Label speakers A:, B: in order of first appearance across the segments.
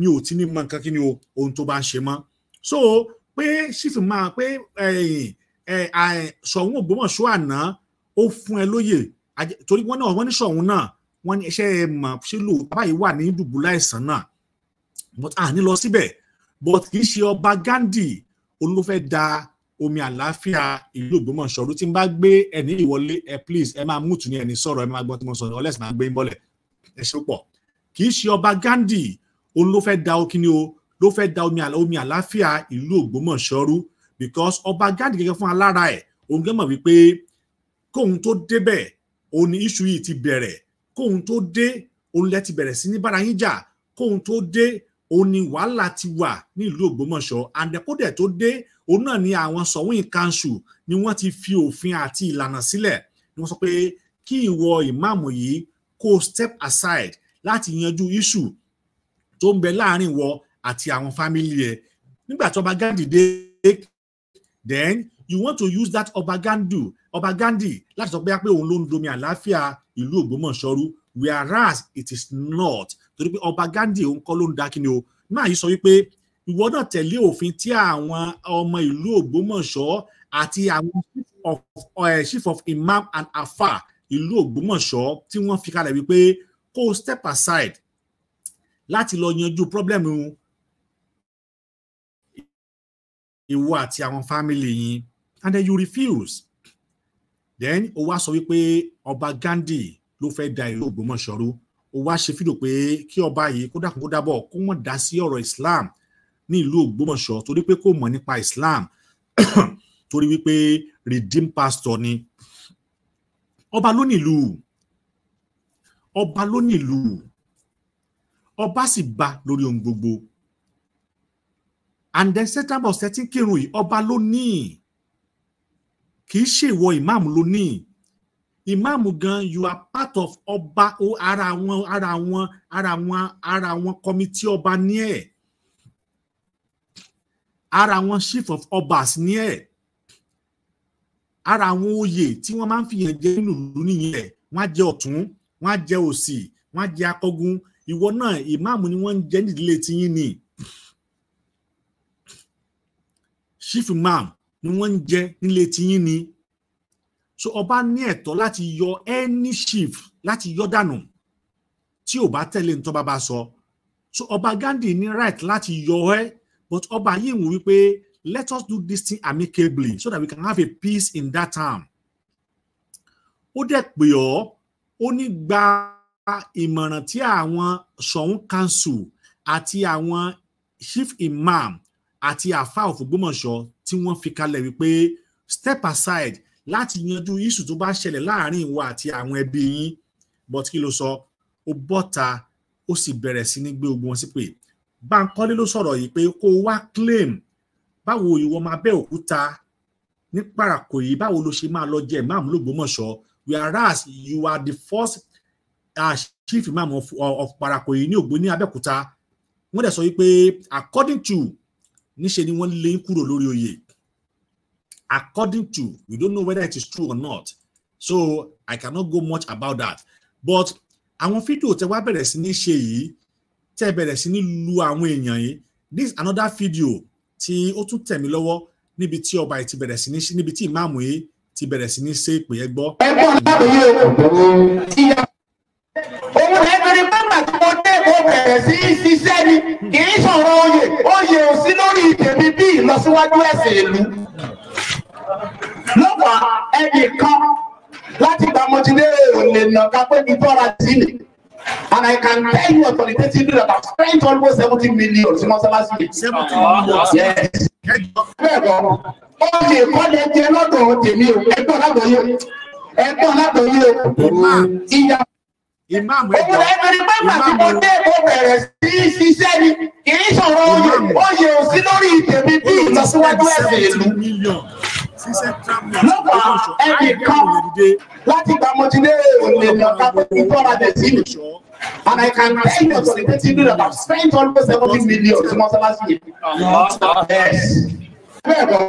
A: ni ò ti ní mọ nǹkan kí ni o ohun tó bá ń ṣe mọ́ so pé sífù máa pé eh, eh, ah, eh, Ṣọ̀ún Ògbómọ̀ṣọ́ àná ó fún ẹ lóyè torí wọ́n náà wọ́n ní Ṣọ̀ún náà wọ́n ní iṣẹ́ ẹ mọ̀ ṣé lò báyìí wà ní dùbúlà ẹ̀sán náà but à ní lọ síbẹ̀ but kì í ṣe ọba Gandhi olùfẹ́ da omi àlàáfíà ìlú Ògbómọ̀ṣọ́ ló ti ń bá gbé ẹni ìwọlé ẹ please ẹ máa mútu ní ẹni sọ̀rọ̀ ẹ máa gbọ́ tí mo sọ̀rọ̀ ọlẹ́sìn máa gbé ń bọ́lẹ̀ ẹ ṣe pọ̀ kì í ṣe ọba Gandhi òun ló fẹ́ da okini o ló fẹ́ da omi omi àláfíà ìlú Ògbómọ̀ṣọ́ rú because ọba Ghandi gẹ́gẹ́ fún alára ẹ̀ òun gẹ́gẹ́ mọ̀ wípé kóun tó débẹ̀ òun ni iṣu yìí ti bẹ̀rẹ̀ kóun tó dé òun lẹ ti bẹ̀rẹ̀ sí ní bára yín jà kóun tó dé òun ni wàhálà ti wà ní ìlú Ògbómọ̀ṣọ́ àdẹkódẹ tó dé òun náà ni àwọn sọwọ́n kanṣu ni wọ́n ti fi òfin àti ìlànà sílẹ̀ ni wọ́n sọ pé kí ìwọ ìmáàmù yìí kó step aside láti yanjú issue tó ń bẹ láàrin wọ àti àwọn fámìlì ẹ nígbà tí ọba Gandhi dé then you want to use that ọba Gandhi ọba Gandhi láti sọ pé pé òun ló ń domi àlàáfíà ìlú Ògbómọ̀ṣọ́rú whereas it is not torí pé ọba Gandhi òun kọ́ ló ń dá kíni o máa yìí sọ wípé ìwọ náà tẹ̀lé òfin tí àwọn ọmọ ìlú Ògbómọ̀ṣọ́ àti àwọn chief of eh, imam and afa ìlú Ògbómọ̀ṣọ́ tí wọ́n fi kalẹ̀ wípé kó step aside láti lọ yanjú pọ́blẹ́mù ìwọ àti àwọn fámìlì yín and then you refuse then ó wá sọ wípé ọba Gandhi ló fẹ́ da ìlú Ògbómọ̀ṣọ́ rú ó wá ṣe fídò pé kí ọba yìí kó dákun kó dábọ̀ kó wọ́n dá sí ọ̀rọ̀ Islam ní ìlú Ògbómọ̀ṣọ́ torí pé kò mọ̀ nípa Islam torí wípé redeemed pastor ni ọba ló nílùú ọba ló nílùú ọba sì ba lórí ohun gbogbo and then september ọ̀sẹ̀ tí ń kírun yìí ọba ló ní kì í ṣèwọ ìmáàmù ló ní ìmáàmù gan you are part of ọba ara àwọn ara àwọn ara àwọn ara àwọn kọmitì ọba ní ẹ ara àwọn chief of obas ní ẹ ara àwọn oyè tí wọ́n máa ń fìyàn jẹ nínú ìlú nìyẹn wọ́n á jẹ ọ̀tún wọ́n á jẹ òsì wọ́n á jẹ akọgun ìwọ náà ìmáàmù ni wọ́n ń jẹ́ nídìílé tiyín ni chief imam ni wọ́n ń jẹ́ nílé tiyín ni so ọba ní ẹ̀tọ́ láti yọ any chief láti yọ dànù tí ò bá tẹ̀lé ní tọ́ba bá sọ so ọba Gandhi ní right láti yọ ẹ́ but ọba yìí wò wípé let us do this thing amicably so that we can have a peace in that time. ó dẹ̀ pè ọ́ ó ní gba ìmọ̀ràn tí àwọn Ṣọ̀ún council àti àwọn chief imam àti àfa òfògbómọ̀ṣọ́ tí wọ́n fi kalẹ̀ wípé step aside láti yanjú iṣu tó bá ṣẹlẹ̀ láàrin ìwọ àti àwọn ẹbí yín but kí ló sọ ó bọ́ta ó sì bẹ̀rẹ̀ sí ní gbé ogun wọn sí pé Bánkọ́lé ló sọ̀rọ̀ yìí pé kó wá claim báwo ìwọ ọmọ Abẹ́òkúta ní Pàràkòyí báwo ló ṣe máa lọ jẹ ìmáàmù l'Ògbómọ̀ṣọ́ whereas you are the first chief imam of, of Parakoyi ní Ògbó ní Abẹ́òkúta wọ́n dẹ̀ sọ wípé according to níṣe ni wọ́n lé kúrò lórí oyè according to we don't know whether it is true or not so I cannot go much about that but àwọn fídíò tẹ wá bẹ̀rẹ̀ sí ní ṣe yìí tẹ bẹ̀rẹ̀ sí ní lu àwọn èèyàn yìí this another video tí ó tún tẹ̀ mí lọ́wọ́ níbi tí ọba ti bẹ̀rẹ̀ sí ní níbi tí ìmáàmù yìí ti bẹ̀rẹ̀ sí ní ṣe ìpè ẹ gbọ́. ẹ gbọ́ aláàbò
B: yìí yẹn torí pẹ́pà tí mo dé mo bẹ̀rẹ̀ sí í ṣiṣẹ́ ni kì í sọ̀rọ̀ oyè oyè ò sí lórí ìtẹ̀mí bí ìlọsíwájú ẹ̀sìn ìlú. lọ́pàá ẹnì kan láti gba mọ́tílẹ́rẹ́ ò lè nà ká pé mi tọ́ra sí ni. And I can tell you authoritatively that I've spent almost seventy million sí mọ́sálásí mi. seventy million. yes. bẹ́ẹ̀ bọ̀ ó lè kọ́lé jẹ lọ́dọ̀ tèmi o ẹgbọ́n lágbọ̀ọ́yé ẹgbọ́n lágbọ̀ọ́yé o ìyàwó ìmáàmù ẹjọ òun lẹ́nu ní pápá tí mo dé mo bẹ̀rẹ̀ sí ṣiṣẹ́ ẹnì kan láti gba mọ́tílé òní lọ́ka pẹ̀lú tọ́ra dẹ̀ sí mi and I can tell you authoritatively that I've spent almost seventy million tí wọ́n sábà sí i. bẹ́ẹ̀ lọ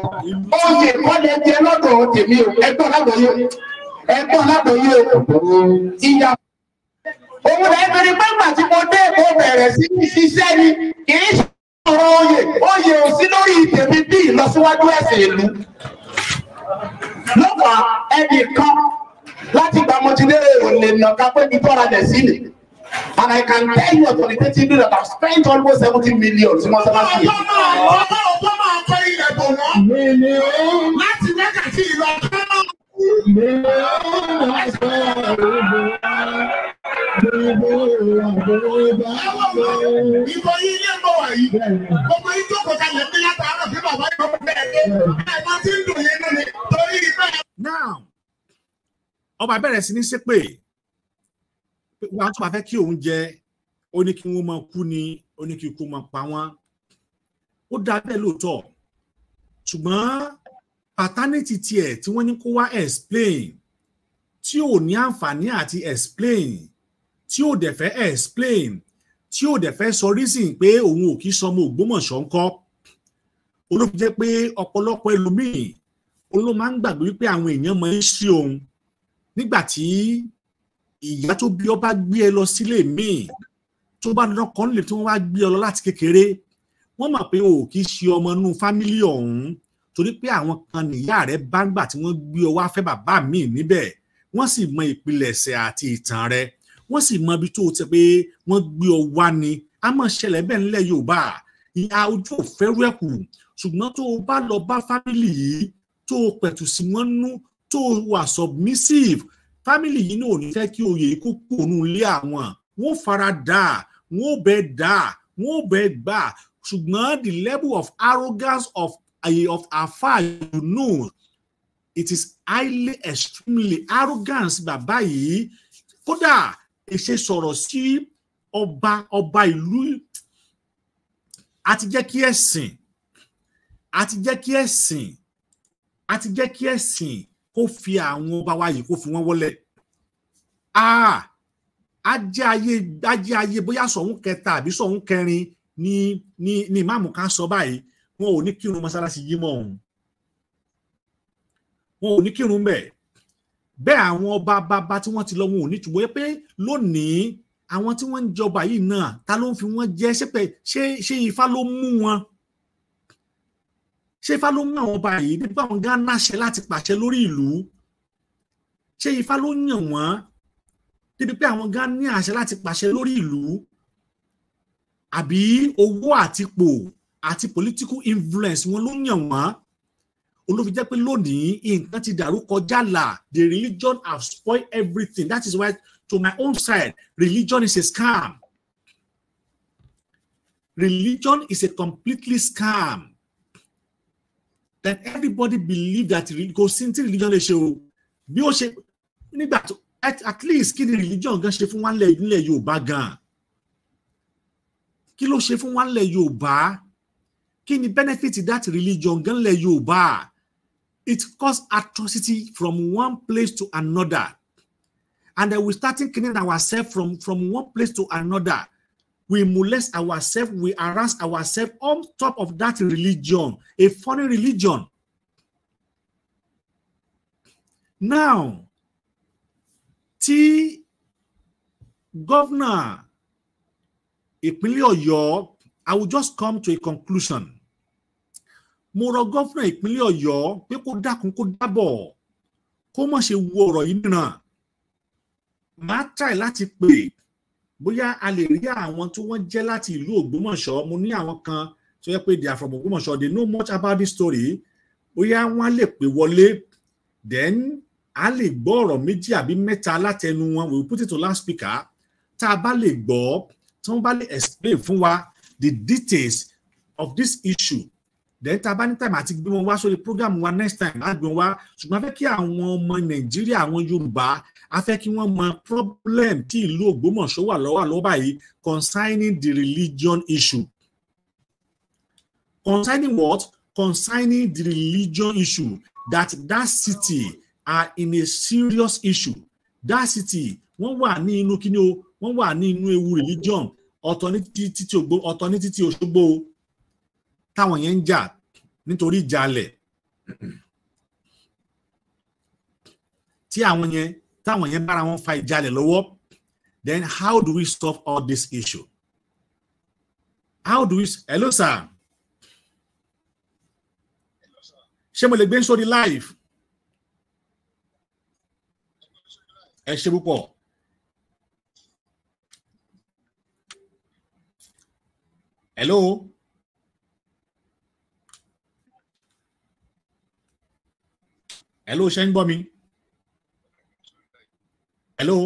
B: oyè kọ́lẹ̀ jẹ́ lọ́dọ̀ tèmi o ẹgbọ́n lágbọ̀ọ́yé ẹgbọ́n lágbọ̀ọ́yé o ìyàwó òun lẹ́yìn tó ní pẹ́pà tí mo dé mo bẹ̀rẹ̀ sí ní ni kì í ṣòro oyè oyè ò sí lórí tèmi bí ìlọsíwájú ẹ̀sìn ìlú lọ́pàá ẹnì kan láti gba mọ́tílẹ́rẹ̀ òlè nàka pé mi tọ́ra lẹ̀ sí ni and I can tell you authoritatively that I've spent almost seventy million tí wọ́n sábà fi. ọ̀pọ̀ máa kọ́ ilẹ̀ bò wọ́n láti wákàtí ìlọ́kọ́ náà. Ìbọn yìí ní ẹ̀bọ̀ wà Gbogbo yìí jókòó kalẹ̀ ní látàárọ̀ bí bàbá yìí wọ́n bẹ̀rẹ̀ dé. Àìmọ́ tí ń dùn yín nínú ni torí ìfẹ́. Now,
A: ọba bẹ̀rẹ̀ sí ní ṣépè. Wọ́n á tún bá fẹ́ kí òun jẹ, ó ní kí wọ́n máa kú ni, ó ní máa pa wọ́n. Ó dá bẹ́ẹ̀ lóòótọ́. Ṣùgbọ́n paternity tiẹ̀ tí wọ́n ní kó wá explain tí ò ní àǹfààní àti explain tí ò dẹ̀ fẹ́ explain tí ò dẹ̀ fẹ́ sọ reason pé òun ò kí sọmọ Ògbómọ̀ṣọ́ ńkọ́ olóòfin jẹ́ pé ọ̀pọ̀lọpọ̀ ẹlòmíì olóò máa ń gbàgbé wípé àwọn èèyàn máa ń sí òun nígbà tí ìyá tó bí ọ bá gbé ẹ lọ sílé míì tó bá dandan kan lè tí wọ́n wá gbé ọ lọ láti kékeré wọ́n mọ̀ pé o ò kí ṣe ọmọ inú fámílì ọ̀hún torí pé àwọn kan nìyá rẹ bá ń gbà tí wọ́n gbé ọ wá fẹ́ bàbá mi níbẹ̀ wọ́n sì mọ ìpilẹ̀ṣẹ̀ àti ìtàn rẹ wọ́n sì mọ ibi tó ti pé wọ́n gbé ọ wá ni a mọ̀ ṣẹlẹ̀ bẹ́ẹ̀ nílẹ̀ Yorùbá ìyá ojú ò fẹ́rù ẹ̀kù ṣùgbọ́n tó o bá lọ bá fámìlì yìí tó o pẹ̀tù sí wọn nú tó o wà submissive fámìlì yìí náà ò ní fẹ́ kí oyè ikú kú òun lé àwọn wọ́n fara dà wọ́n bẹ dà wọ́n bẹ gbà ṣùgbọ́n the level of arrogance of of àfáà you know it is highly extremely arrogance bàbá yìí kódà ìṣe sọ̀rọ̀ sí ọba ọba ìlú àti jẹ́ kí ẹ̀sìn àti jẹ́ kí ẹ̀sìn àti jẹ́ kí ẹ̀sìn kó fi àwọn ọba wa yìí kó fi wọ́n wọlé ajé ayé ajé ayé bóyá sọ̀hún kẹta àbí sọ̀hún kẹrin ni ni ni ìmáàmù kan sọ báyìí wọn ò ní kírun mọ́sálásí yìí mọ́ òun wọn ò ní kírun bẹ́ẹ̀ bẹ́ẹ̀ àwọn ọba bàbá tí wọ́n ti lọ wọn ò ní ṣùgbọ́n pé lónìí àwọn tí wọ́n ń jọba yìí náà ta ló ń fi wọ́n jẹ ṣépè ṣé ṣé ifá ló mú wọn ṣé ifá ló mú àwọn ọba yìí nípa àwọn gánà ṣe láti pàṣẹ lórí ìlú ṣé ifá ló yàn wọ́n débi pé àwọn gan ní àṣẹ láti pàṣẹ lórí ìlú àbí owó àtipò àti political influence wọn ló yàn wọ́n olófin jẹ́ pé lónìí nǹkan ti dàrú kọjá là the religion have spoiled everything that is why to my own side religion is a scam religion is a completely scam that everybody believe that kò sí ní religion lè ṣe o bí ó ṣe nígbà tó at least kí ni religion gan ṣe fún wa nílẹ̀ Yorùbá gan kí ló ṣe fún wa nílẹ̀ Yorùbá kí ni benefit that religion ganlẹ̀ yorùbá it cause atrocity from one place to another and then we start killing ourselves from from one place to another we molest ourselves we harass ourselves on top of that religion a foreign religion now tí governor ìpínlẹ̀ Ọ̀yọ́ I will just come to a conclusion mo rọ gọ́fúnà ìpínlẹ̀ ọ̀yọ́ pé kó dákun kó dábọ̀ kó má ṣe wo ọ̀rọ̀ yìí nìran màá tàì láti pè bóyá a lè rí àwọn tí wọ́n jẹ́ láti ìlú ògbómọ̀ṣọ́ mo ní àwọn kan tó yẹ pé they are from ògbómọ̀ṣọ́ they know much about this story bóyá wọ́n á lè pè wọlé then a lè gbọ́ ọ̀rọ̀ méjì àbí mẹ́ta látẹnu wọn we put it to last speaker tá a bá lè gbọ́ tí wọ́n bá lè explain fún wa the details of this issue then tá a bá ní time àti gbé wọn wá sórí program wa next time á gbé wọn wá ṣùgbọ́n a fẹ́ kí àwọn ọmọ nàìjíríà àwọn yorùbá a fẹ́ kí wọ́n mọ problem tí ìlú ògbómọ̀ṣọ́ wà lọ́wọ́ lọ́wọ́ báyìí concerning the religion issue concerning what concerning the religion issue that that city are in a serious issue that city wọ́n wà ní inú kíni o wọ́n wà ní inú ewu religion authority, ní títí Òṣogbo táwọn yẹn ń jà nítorí ìjàlẹ̀ tí àwọn yẹn táwọn yẹn bára wọn fa ìjàlẹ̀ lọ́wọ́ then how do we stop all this issue how do we hello sir ṣé mo lè gbé sórí live ẹ ṣe púpọ̀. hello. hello ṣe ń hello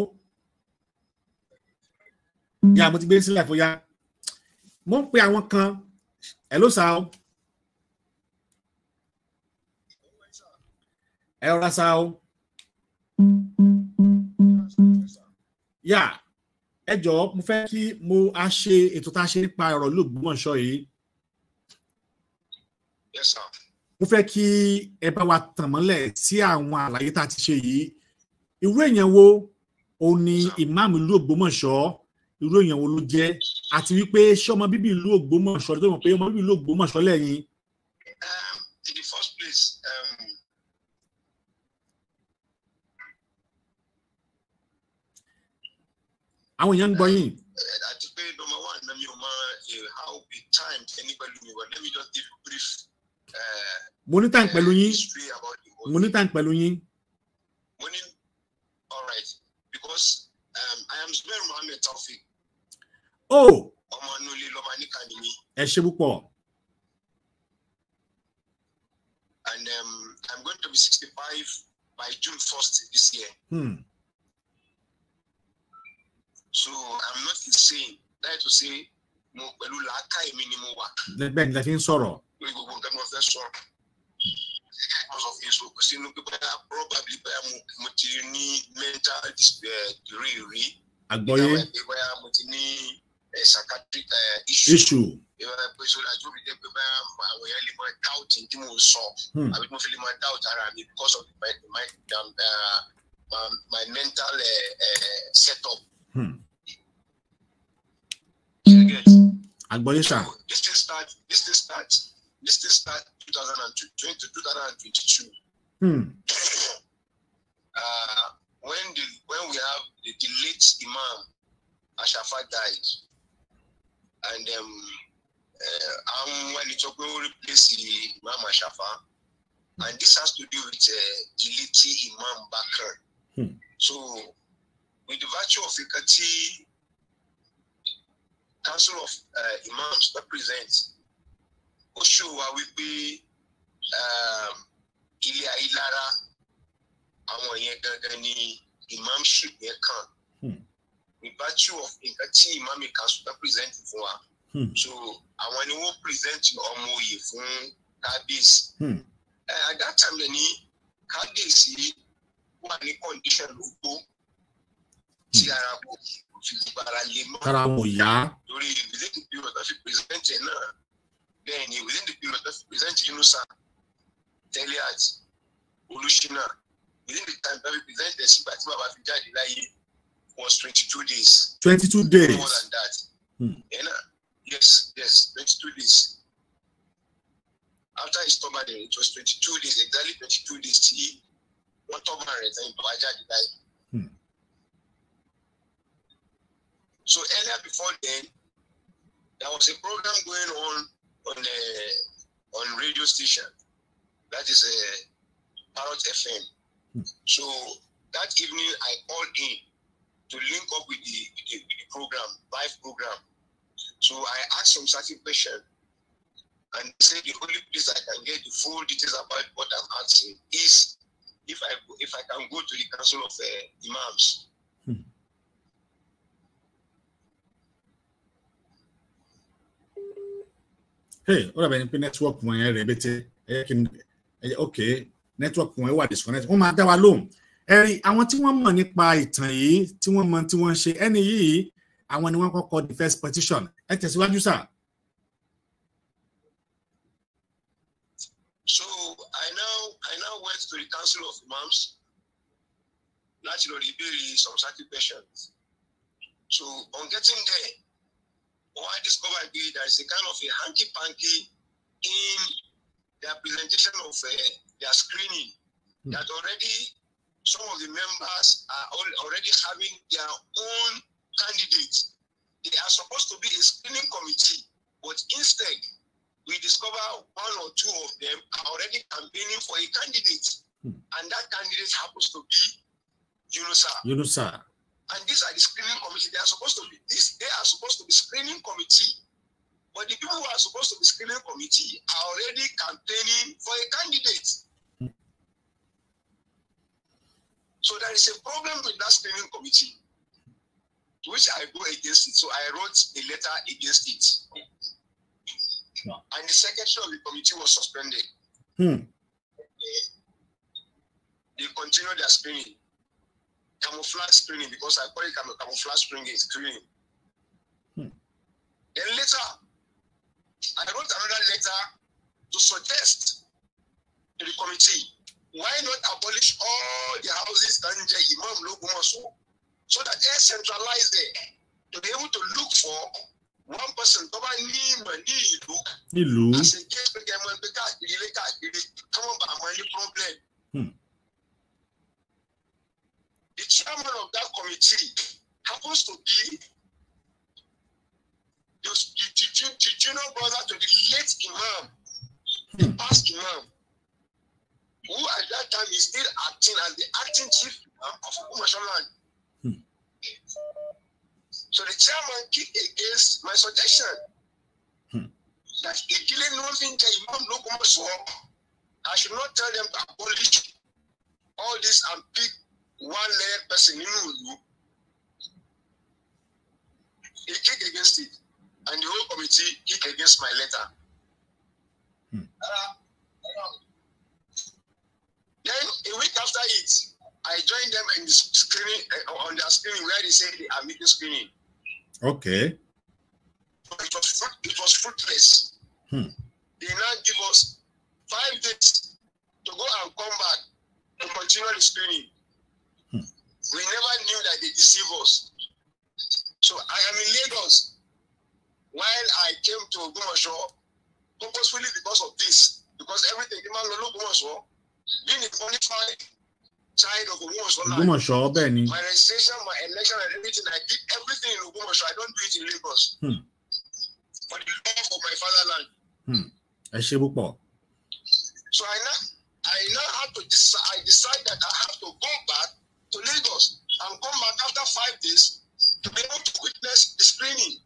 A: yà mo ti gbé sílẹ̀ fún ya mo ń pe àwọn kan hello sa o ẹ rọra sa o yà ẹ jọ̀ọ́ mo fẹ́ kí mo a ṣe ètò tá a ṣe nípa ọ̀rọ̀ lóògbómọ̀ṣọ́ yìí. yes sir mo fẹ́ kí ẹ bá wa tàn mọ́lẹ̀ sí àwọn àlàyé tá a ti ṣe yìí irú èèyàn wo òun ni ìmáàmù ìlú Ògbómọ̀ṣọ́ irú èèyàn wo ló jẹ́ àti wípé ṣé ọmọ bíbí ìlú Ògbómọ̀ṣọ́ tó mọ̀ pé ọmọ bíbí ìlú Ògbómọ̀ṣọ́ lẹ́yìn. Um, in the first place um, àwọn èèyàn ń gbọ́ yín. àti um, pé number one na mi ò eh, how be timed ẹni pẹ̀lú mi let me just give you brief uh, mo ní tàn pẹ̀lú yín mo ní tàn pẹ̀lú yín. mo ní o. ẹ ṣe púpọ̀.
B: and um, I'm going to be 65 by June 1st this year. Hmm.
C: so I'm not insane that is to say mo pẹ̀lú làákàyè mi
B: ni mo wà.
A: bẹ́ẹ̀ ni ẹ fi ń sọ̀rọ̀. gbogbo nǹkan ni wọ́n fẹ́ sọ̀rọ̀ sínú pé bóyá
B: probably bóyá mo ti ní mental eh, degree rí. àgbọ̀yé bóyá mo ti ní eh, psychiatric eh, issue. ìwà pé sọ́dọ̀ àti òbí jẹ́ pé bóyá àwọn èèyàn lè máa doubt tí mo sọ hmm. àbí mo fi lè máa doubt ara mi because of my my um, uh, um, my, mental setup. Hmm. àgbọ̀yé sà. this thing start this thing start this thing start 2020 2022. Hmm. Uh, when the when we have the, the late Imam Ashafa died, and um, uh, am um, when it's open, we replace the Imam Ashafa, hmm. and this has to do with uh, the late Imam Bakr. Hmm. So, with the virtue
C: of Ikati, Council of uh, Imams
B: represents, ó ṣòwò will Um, ilé ayé lára àwọn yẹn gangan ni imamship yẹn kàn
C: hmm. ní virtue of
B: nǹkan tí imami kanṣu bá present fún
C: wa hmm. so àwọn ni wọ́n present ọmọ oyè fún kábíyèsí hmm. at that time lè kábíyèsí wà ní condition lógbó tí
B: ara kò fi gbára lé mọ́. ara wọn yá. lórí within the period of present yẹn náà bẹ́ẹ̀ ni within the period of present yẹn náà. Teliat Olúṣínà within the time that we present the sígbà tí bàbá the jáde was twenty two days. twenty two days more than that. Hmm. Yeah, nah. yes yes twenty two days. after his turban then it was twenty two days exactly twenty two days tí wọ́n turban rẹ̀ tán ìbàbá jáde láyé. Hmm. So earlier before then, there was a program going on on the eh, on radio station That is a Parrot FM. Hmm. So that evening, I called in to link up with the, with the, with the program, live program. So I asked some certain question and say the only place I can get the full details about what I'm asking is if I if I can go to the council of uh, imams. Hmm.
A: Hey, what about the network? When I repeat I can ok network wọn wà disconnect wọn máa dá wa lóhùn ẹ̀rí àwọn tí wọ́n mọ̀ nípa ìtàn yìí tí wọ́n mọ̀ tí wọ́n ṣe ẹni yìí àwọn ni wọ́n kọ́kọ́ the first petition ẹ tẹ̀síwájú sir.
B: So I now I now went to the Council of Imams láti lọ rí ìbéèrè some certain questions. So on getting there, oh, I discovered that there is a kind of a hanky-panky in their presentation of uh, their screening, mm. that already some of the members are all, already having their own candidates. They are supposed to be a screening committee, but instead, we discover one or two of them are already campaigning for
C: a candidate, mm. and that candidate happens to be Yunusa. Yunusa.
B: And these are the screening committee. They are supposed to be this. They are supposed to be screening committee But the people who are supposed to be screening committee are already campaigning for a candidate. So there is a problem with that screening committee, to which I go against it. So I wrote a letter against it. And the secretary of the committee was
C: suspended. Hmm. They continued their screening, camouflage screening, because I call it
B: camouflage screening. screening. Hmm. Then later, I wrote another letter to suggest to the committee why not abolish all the houses the Imam Logumoso so that they centralize there to be able to look for one person tó bá ní ìmọ̀ ní ìlú
A: nílùú àṣẹ jẹ́
B: ìpínlẹ̀ ẹ̀mọ́ ẹgbẹ́ káàkiri ilé káàkiri kí wọ́n bá àwọn ẹni problem. Hmm. The chairman of that committee happens to be you, you, did you did you brother to the late imam, the hmm. past imam, who at that time is still acting as the acting chief of Umashaman. Hmm. So the chairman kicked against my suggestion hmm. that ìdílé lófin that imam ló kọ́ sọ. I should not tell them to abolish all this and pick one layered person nínú ìlú. He kicked against it and the whole committee kick against my letter. Hmm. Uh, then a week after it, I joined them in the screening uh, on their screening where they said they are making screening. Okay. But it was fruit, it was fruitless. Hmm. They now give us five days to go and come back to continue the screening. Hmm. We never knew that they deceive us. So I am in Lagos while I came to Ògbómọ̀ṣọ́ purposefully because of this because everything ní máa ń lọ lÓgbómọ̀ṣọ́ being the qualified child of Ògbómọ̀ṣọ́ like Ògbómọ̀ṣọ́ bẹ́ẹ̀ ni my registration my election and everything I did everything in Ògbómọ̀ṣọ́ I don't do it in Lagos hmm. for the love of my fatherland.
A: Hmm. ẹ ṣe púpọ̀.
B: so I now I now had to decide I decide that I have to go back to Lagos and come back after five days to be able to witness the screening.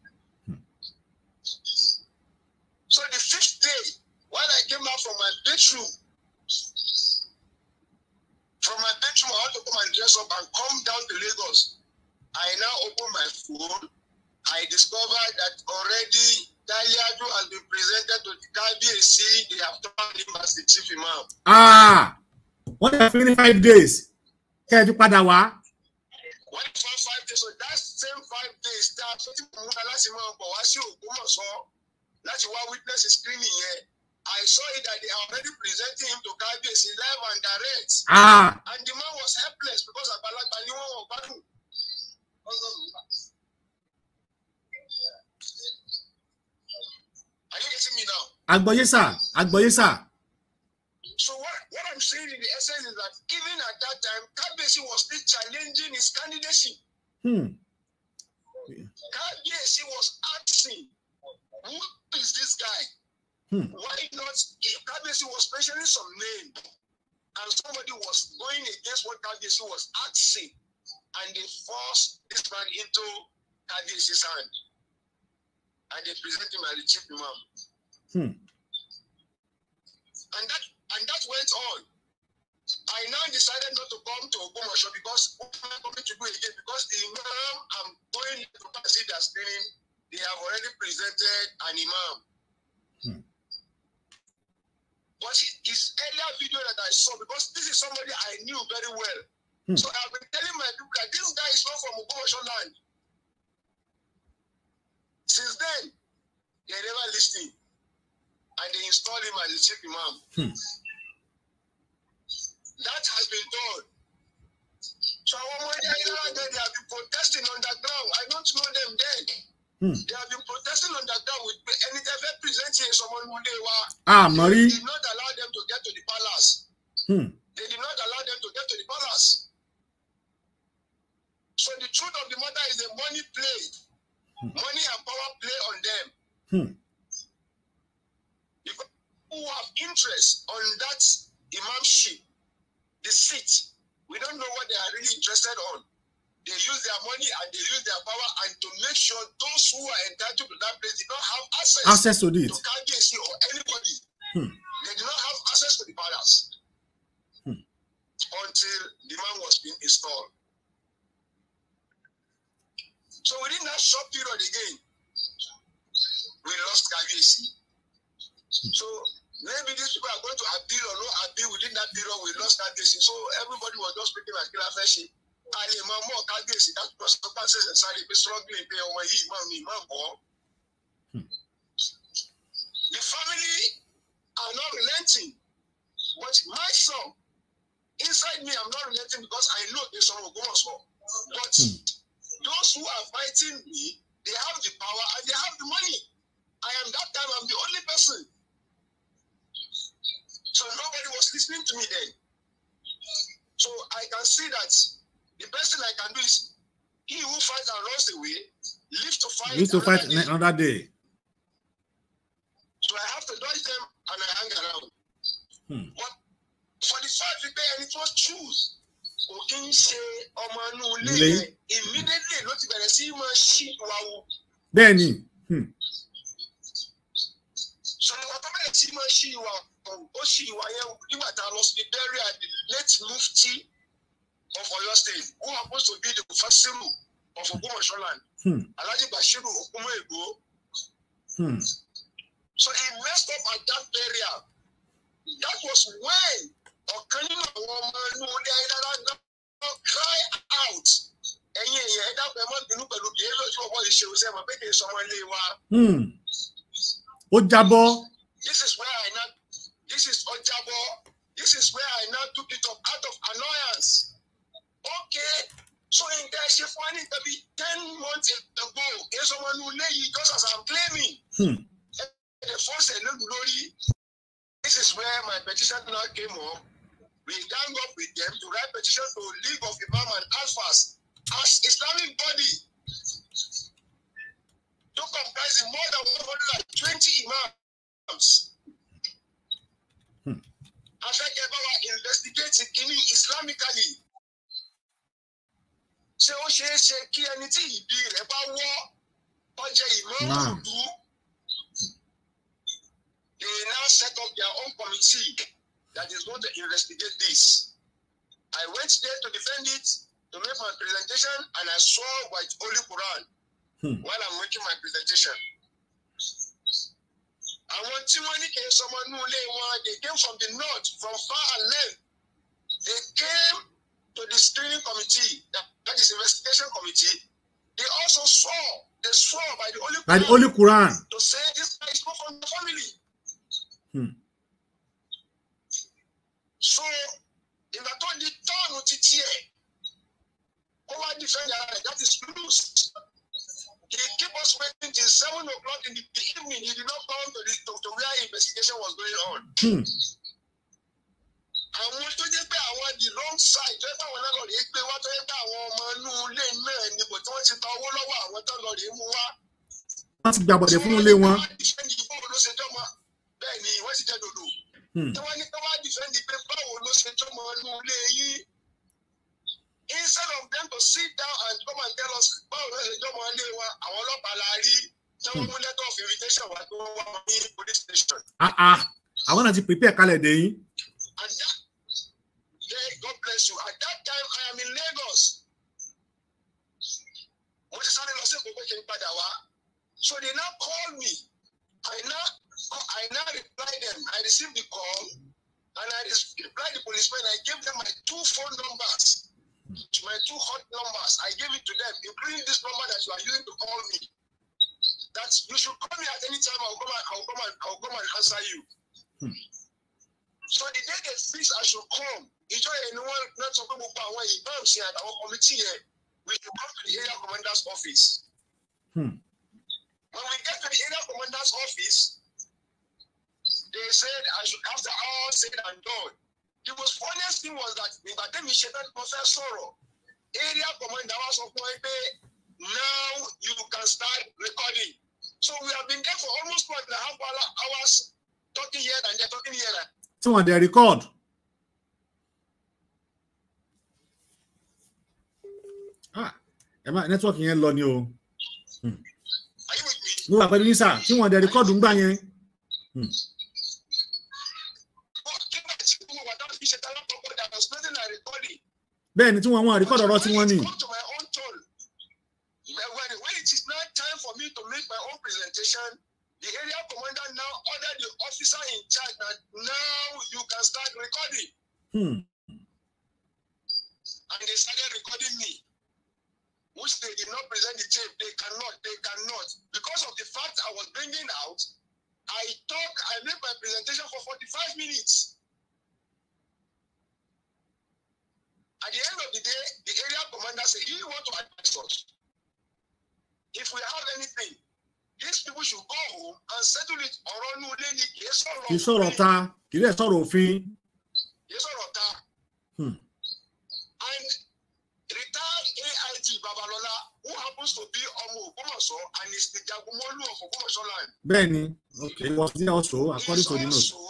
B: So the fifth day, while I came out from my bedroom, from my bedroom, I had to come and dress up and come down to Lagos. I now open my phone. I discovered that already Daliadu has been presented to the KBAC. They have turned him as the chief imam. Ah,
A: what are 25 days? Kẹ́ ẹ ti padà five days, so that same five days tá
B: a tó ti mú Imam, but what's your sí Ògbómọ̀ṣọ́ láti wá witness screening yẹn I saw it that they are
C: already presenting him to kábíyèsí live and direct. Ah. and the man was helpless because àgbàlagbà
B: ni wọ́n wọ̀ gbádùn. Are you getting me
A: now? Àgbọ̀yé sà, So what, what I'm saying in the essence is that even
C: at that time, Kábíyèsí was still challenging his candidacy. Hmm.
B: Kábíyèsí was asking Who is this guy? Hmm. Why not? Kabiyesi was mentioning some name, and somebody was going against what Kabiyesi was asking, and they forced this man into Kabiyesi's hand, and they presented him as the chief imam. Hmm. And that and that went on. I now decided not to come to Ogbomoso because what am I going to do again? Because the imam I'm going to Brazil that's training they have already presented an imam. Hmm. But his earlier video that I saw, because this is somebody I knew very well. Hmm. So I've been telling my people that this guy is not from Ugobasho land. Since then, they never listened. And they installed him as the chief imam. Hmm. That has been done. So I want my they have been protesting on the ground. I don't know
C: them then. Hmm.
B: They have been protesting on the ground with any ever presenting someone one day. Ah, Marie. They did not allow them to get to the palace. Hmm. They did not allow them to get to the palace. So the truth of the matter is the money play, hmm. money and power play on them. Hmm. Because who have interest on that imamship, the seat, we don't know what they are really interested on. They use their
A: money and they use their power and to make sure those who are entitled to that place did not have access, access to, it. to KDC or anybody. Hmm. They did not have
B: access to the palace hmm. until the man was being installed. So within that short period again, we lost KVC. Hmm. So maybe these people are going to appeal or not appeal within that period, we lost KVC. So everybody was just speaking like Kilafeshi a máa mú kábíyèsí dájúmọ sọpá ṣẹ̀ṣẹ̀ sáré pé struggling pé ọmọ yìí máa ní ìmọ̀ kọ́. The family are not relenting but my son inside me I'm not relenting because I know this one will go on so but hmm. those who are fighting me they have the power and they have the money I am that time I'm the only person so nobody was listening to me then so I can see that The best thing I can do is he who fights and runs away lives to fight, lives to fight another, day. another day. So I have to dodge them and I hang around. Hmm. But for the fight to be and it was choose. kò kí ń ṣe ọmọ inú ilé immediately not ti bẹ̀rẹ̀ sí máa ṣí wa wo. Hmm. So sọ̀rọ̀ tó bẹ̀rẹ̀ sí máa Wow. wa ó ṣí wa yẹn nígbà tá a lọ sí bẹ́ẹ̀rì àdè late mufti of Oyo State who happens to be the Fasiru of hmm. Ogbomoso land, hmm. Alhaji Bashiru Okumoegbo. Hmm. So he messed up at that area. That was when ọ̀kan nínú àwọn ọmọ inú ilé ayélujára gbọ́ cry out ẹ̀yin èèyàn ẹ̀dá pẹ̀ mọ́ bínú pẹ̀lú kìí lójú ọkọ̀ ìṣèlú sẹ́wọ̀n pé kìí sọmọ ilé wa.
A: Hmm. ó jábọ́.
C: this is where I now this is ó
B: this is where I now took it up out of annoyance. okay so sóyìn tẹ́ ṣe fún to be ten months ago èso wọn nu ilé just as i'm claiming ẹ̀ fọ́ọ̀sẹ̀ lólu glory. this is where my petition now came up we gang up with them to write petition to league of imam and alfas as islamic body to comprise more than one hundred and twenty imams. afẹ́kẹ́ bá wa investigate kínní islamically. ṣé ó ṣeé ṣe kí ẹni tí ìdí rẹ̀ bá wọ́ ọjẹ ìmọ̀ọ́dù they now set up their own committee that is going to investigate this. I went there to defend it, to make my presentation, and I saw by Holy Quran hmm. while I'm making my presentation. Àwọn tí wọ́n ní kì í sọmọ inú ilé wọn, they came from the north, from far and left. They came to the screening committee, that, that is investigation committee, they also swore, they swore by the Holy, by Quran,
A: the Holy Quran
B: to say this guy is not from the family. Hmm. So, in that di tọ́ọ̀nù ti tiẹ̀, kó wá defend ara that is loose. He keep us waiting till seven o'clock in the, the evening. He did not come to, the, to, to where investigation was going on. Hmm àwọn tó jẹ́ pé àwọn the wrong side tó yẹ pé àwọn náà lọ rèé pé wá tó yẹ pé àwọn ọmọ inú ilé
A: náà ni kò tí wọ́n ti ta owó lọ́wọ́ àwọn tó lọ rèé mú wá. wọ́n ti gbàgbọ́dẹ̀ fún ilé wọn. iṣẹ́ ni báwo ló ṣe jọmọ
C: bẹ́ẹ̀ ni wọ́n sì jẹ́ dòdò. tí hmm. wọ́n ní ká wá dìfẹ́ǹdì pé
B: báwo ló ṣe jọmọ inú ilé yìí. instead of them to sit down and come and tell us báwo ló ṣe jọmọ ilé wa àwọn ọlọ́pàá la rí tí wọ́n mú letter of invitation wá tó wà
A: ní police station. Ah, ah. àwọn náà ti prepare kalẹ̀ dé yín. And that
B: day, God bless you. At that time, I am in Lagos. So they now call me. I now I now reply them. I received the call and I replied the policeman. I gave them my two phone numbers, my two hot numbers. I gave it to them, including this number that you are using to call me. That you should call me at any time. I'll come and I'll come and I'll come and answer you. Hmm. so the day they fix I should come ìjọ yẹn ni wọ́n náà sọ pé gbogbo àwọn imams yẹn àtàwọn committee yẹn we should come to the area commander's office. Hmm. When we get to the area commander's office, they said I should after all said and done. The most funniest thing was that nígbà tẹ́mi ṣe tán mo area commander wa sọ fún ẹ pé now you can start recording. So we have been there for almost one and a half hours talking here and there talking here and there.
A: Ah, hmm. tí wọ́n dẹ̀ record. ẹ má nẹ́tíwọ́ọ̀kì yẹn lọ ni o mo wà pẹ̀lú yín tí wọ́n dẹ̀ record ń gbà yẹn. bẹ́ẹ̀ ni tí wọ́n wọ́n record ọ̀rọ̀ tí wọ́n ní. it is now time
B: for me to make my own presentation. The area commander now ordered the officer in charge that now you can start recording. Hmm. And they started recording me, which they did not present the tape. They cannot, they cannot. Because of the fact I was bringing out, I talk, I made my presentation for forty-five minutes. At the end of the day, the area commander said, he want to advise us. If we have anything, these people should go home and settle it ọ̀rọ̀ inú ilé ni kì í sọ̀rọ̀. kì í
A: sọ̀rọ̀ ta kì í sọ̀rọ̀ òfin.
B: kì í sọ̀rọ̀ ta.
C: Hmm. and retired AIG Babalola who happens to be ọmọ Ògbómọ̀ṣọ́ and is the jagunmọ́lú of Ògbómọ̀ṣọ́ line. bẹ́ẹ̀ni okay was there also according to the note. he is also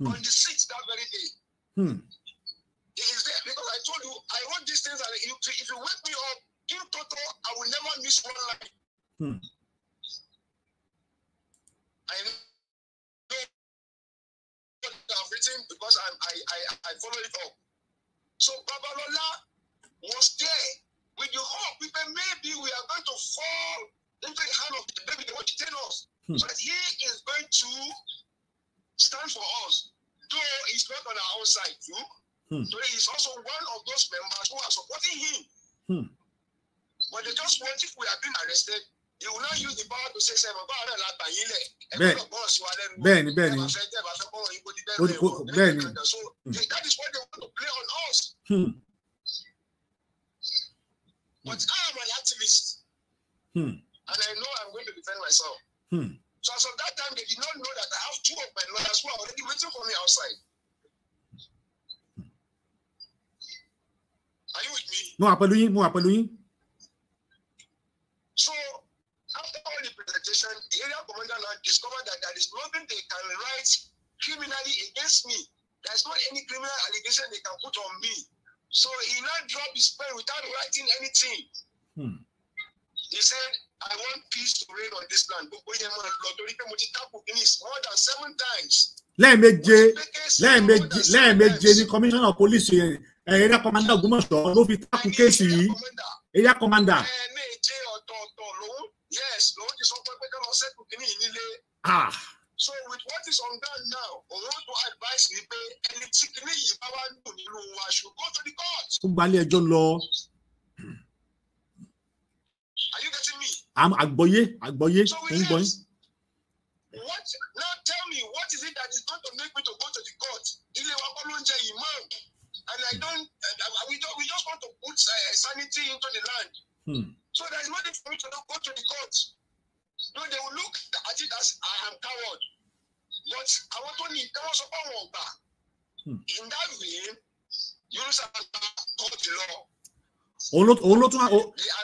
C: hmm. on the sixth that very day. Hmm. he is there because I told you I wrote these things
B: and if you wake me up in total I will never miss one line. Hmm. I know I've written because I I I, I follow it up. So Babalola was there with the hope people maybe we are going to fall into the hand of the baby they want to tell us. Hmm. But he is going to stand for us, though he's not on our side you. Hmm. So he's also one of those members who are supporting him. Hmm. But they just want if we are being arrested, you will not use the
C: power to say ṣe bàbá rẹ̀ la gbà yín lẹ̀ ẹ gbọ́dọ̀ bọ́ọ̀ sí wa lẹ́nu bẹ́ẹ̀ni bẹ́ẹ̀ni bẹ́ẹ̀ni hmm. that is why they want
B: to play on us. Hmm. but I am an activist. Hmm. and I know I am going to defend myself. Hmm. So as of that time, they did not know that I have two of my lawyers who are already waiting for me outside.
A: Are you with me? No, I'm following. No, I'm following.
B: So all the presentation, the area commander now discovered that there is nothing they can write criminally against me. There's not any criminal allegation they can put on me. So he now dropped his pen without writing anything. Hmm. He said, I want peace to reign on this
A: land. more than seven times. Lẹ́ẹ̀meje lẹ́ẹ̀meje lẹ́ẹ̀meje ni komisanna polisi yẹn ẹ̀yẹ́dá kọ́mándà Ògbómọ̀ṣọ́ ló fi tapu kéèsì yìí. Ẹ̀yẹ́dá kọ́mándà. Ẹ̀ẹ̀meje ọ̀tọ̀ọ̀tọ̀ lòun yes
C: lòun ti sọ pé pé ká lọ sẹ́kù kínní yìí nílé.
B: so with what is on ground now òun tó advice ni pé ẹni tí kínní yìí bá wá dùn nínú wa should go to the court. ó gba ilé
A: ẹjọ́ lọ. are you getting me. I'm agboye. Agboye. ń gbọ́ going?
B: what now tell me what is it that is going to make me to go to the court ilé wa kọ́ imam and i don't uh, we, don't, we just want to put uh, sanity into the land. Hmm. So there is no need for me to go to the court. No, they will look at it as I am coward. But àwọn tó ní ìdáwọ́ sọ pé àwọn ọ̀gbà. Hmm. In that way, Yorùbá
A: kọ́ ti lọ. Òun ló tún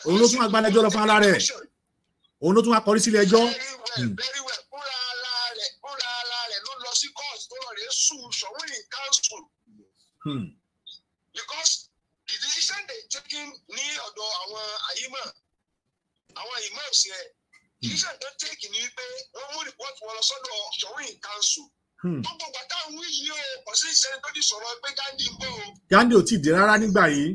A: òun ló tún agbanẹjọ́ lọ fún manager of Òun ló tún akọrí sílé ẹjọ́.
C: Hmm. Very well, fúnra ara rẹ̀ fúnra
B: rìpọ́ọ̀tì ẹ̀ hmm. tó tẹ́ẹ̀kì ni wípé wọ́n mú rìpọ́ọ̀tì wọn lọ sọ́dọ̀ ṣòwìn kanṣu
C: hmm. gbogbo bàtà ń wí
B: yìí o kò sí tó ti sọ̀rọ̀ pé Gandhi ń bọ̀
C: Gandhi
A: ò tí ì dé rárá nígbà yìí.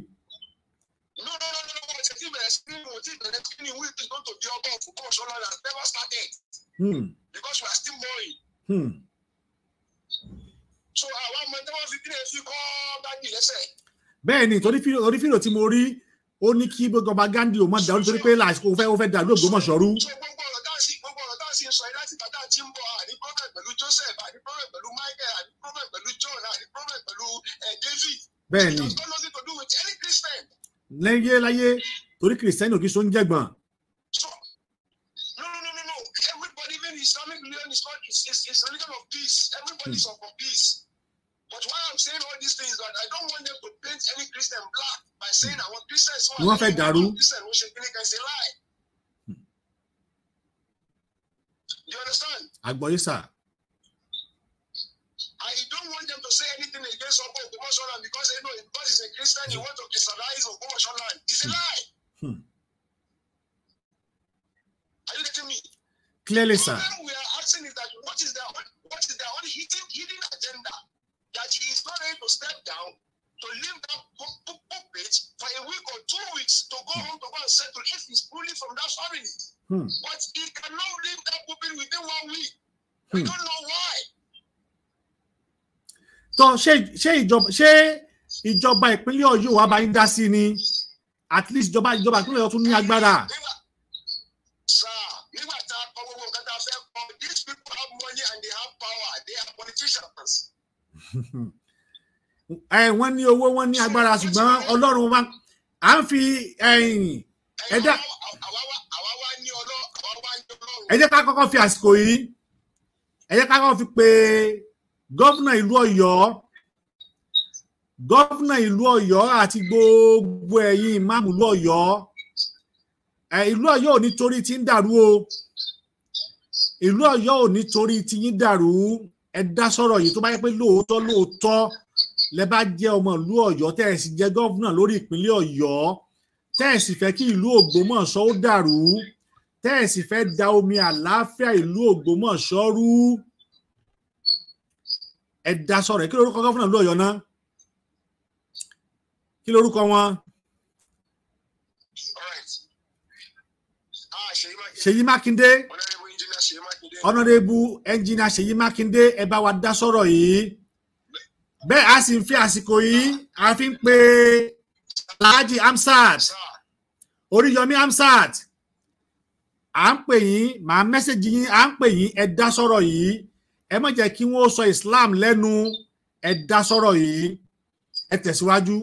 A: no no no no ọ̀sẹ̀ tí bẹ̀rẹ̀ sí
B: ní wọ́n ti bẹ̀rẹ̀ sí ní wíìlì tó tó bí ọgbọ́n fún kọ́ọ̀sì ọlọ́run has never started. Hmm. because we are still mourning. Hmm. so àwọn ọmọ tí wọ́n fi dín ẹ̀sìn kọ́ Gandhi
A: lẹ́sẹ̀. bẹ́ẹ̀ ni torí fídíò tí mo rí ó ní kí gbọgbà Gandhi ò mọ dà ó nítorí pé láìsí ó fẹ́ ó fẹ́ dà ló Ògbómọ̀ṣọ́ rú. bẹ́ẹ̀ni lẹ́yẹ láyé torí kìrìsìtẹ́nì òkè so ń jẹ̀gbọ́n.
B: Islamic religion is not is, is, is religion of peace. Everybody is hmm. of peace. But why I'm saying all these things that I don't want them to paint any Christian black by saying I want Christians. So wọ́n fẹ́ dàrú. Christian wọ́n ṣe kí ni kan ṣe Do you understand? Agbọ́yé sà. I don't want them to say anything against Opo Ogbomosholan because they know because he's a Christian, he wants to Christianize Ogbomosholan. It's a hmm. lie. Hmm. Are you getting me?
A: Clearly, sir. The we are asking is that what is their what is their own hidden, hidden
B: agenda? that he is not ready to step down, to leave that pulpit for a week or two weeks to go hmm. home to go and settle if he's pulling from that family. Hmm. But he cannot leave that pulpit within one week. Hmm. We don't know why.
A: So she ṣé ìjọba ṣé ìjọba ìpínlẹ̀ Ọ̀yọ́ wa bá ń dá sí ni at least ìjọba ìjọba ìpínlẹ̀ Ọ̀yọ́ tún ní agbára. Nígbà wọ́n ní owó wọn ní agbára ṣùgbọ́n ọlọ́run wa à ń fi ẹ̀dá ẹ jẹ́ ká kọ́kọ́ fi àsìkò yìí ẹ jẹ́ ká kọ́kọ́ fi pé gọ́vnà ìlú ọ̀yọ́ gọ́vnà ìlú ọ̀yọ́ àti gbogbo ẹ̀yin ìmáàmù ìlú ọ̀yọ́ ìlú ọ̀yọ́ ò ní torí ti ń dàrú o ìlú ọ̀yọ́ ò ní torí ti yín dàrú. ẹ dá sọ̀rọ̀ yìí tó bá yẹ pé lóòótọ́ lóòótọ́ lẹ bá jẹ́ ọmọ ìlú Ọ̀yọ́ tẹ́ ẹ sì jẹ́ gọ́vùnà lórí ìpínlẹ̀ Ọ̀yọ́ tẹ́ ẹ sì fẹ́ kí ìlú Ògbómọ̀ṣọ́ ó dàrú tẹ́ ẹ sì fẹ́ da omi àlàáfíà ìlú Ògbómọ̀ṣọ́ rú ẹ sọ̀rọ̀ kí lórúkọ gọ́vùnà ìlú Ọ̀yọ́ náà kí lórúkọ wọn. Ah, Ṣèyí Mákindé ọ̀nàdẹ́bù ẹnjìnà Ṣèyí Mákindé ẹ bá wa dá sọ̀rọ̀ yìí bẹ́ẹ̀ a sì ń fi àsìkò yìí a fi ń pe Alhaji Hamzat Oríyọmí Hamzat à ń pè yín màá mẹ́sẹ̀gì yín à ń pè yín ẹ dá sọ̀rọ̀ yìí ẹ má jẹ́ kí wọ́n sọ Islam lẹ́nu ẹ dá sọ̀rọ̀ yìí ẹ tẹ̀síwájú.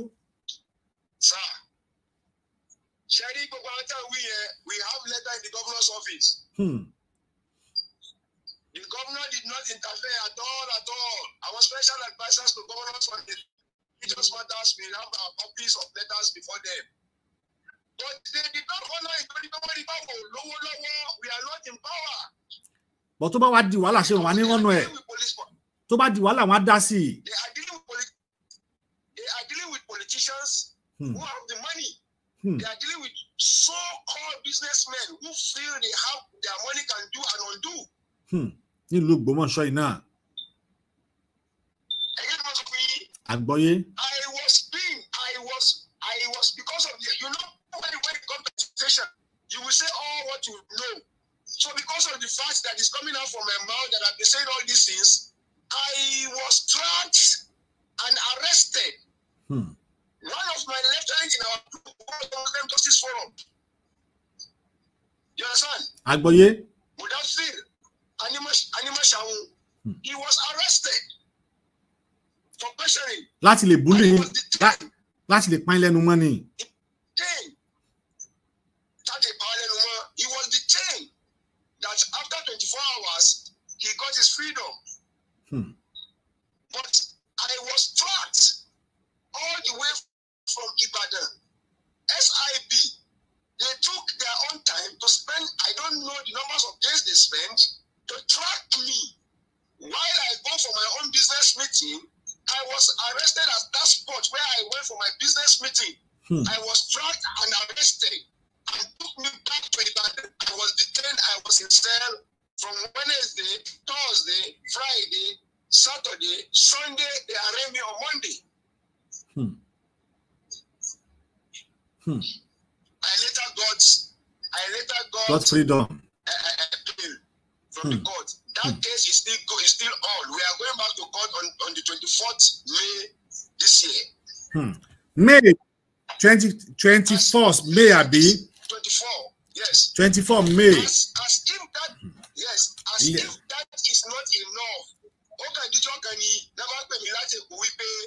B: ṣe rí gbogbo àwọn tá yẹn we have letter in the governor's office. Hmm the governor did not interfere at all, at all. Our special advisors to governors on the religious matters will have our copies of letters before them. But they did not honor ìtòrí tó wọ́n rí báwo lówó lọ́wọ́ we are not in power.
A: But tó bá wá di wàhálà ṣe wà ní ọ̀nà ẹ̀. Tó bá di They
B: are dealing with, poli they are dealing with politicians hmm. who have the money. Hmm. They are dealing with so-called businessmen who feel they have their money can do and undo.
A: Hmm nílùú Ògbómọ̀ṣọ́ iná. ẹ̀yin mo ti àgbọ́yé.
B: I was being I was I was because of the you know when you come to station you will say all what you know so because of the fact that is coming out from my mouth that I been saying all these things I was tracked and arrested. Hmm. One of my lieutenant in our group was on You understand? Agboye. Without fear. Animashawo hmm. he was arrested for pressuring.
A: láti lè búlẹ̀ láti lè pín lẹ́nu mọ́ ni.
B: láti pa lẹ́nu mọ́ he was detained that after twenty hours he got his freedom. Hmm. But I was tracked all the way from Ibadan SIB they took their own time to spend I don't know the numbers of days they spent to track me while I go for my own business meeting. I was arrested at that spot where I went for my business meeting. Hmm. I was tracked and arrested and took me back to Ibadan. I was detained. I was in cell from Wednesday, Thursday, Friday, Saturday, Sunday. They arrested me on Monday.
C: Hmm. Hmm.
B: I later got. I later
C: got. Got freedom.
B: I, I, from the hmm. court. That hmm. case is still is still on. We are going back to court on, on the 24th May this
C: year. Hmm.
A: May 20, 24th May I be 24. Yes. 24 May. As,
B: as if that hmm. yes, as yeah. if that is not enough. Ó kàn díjọ́ kan ni dábàá pè mí láti we pay?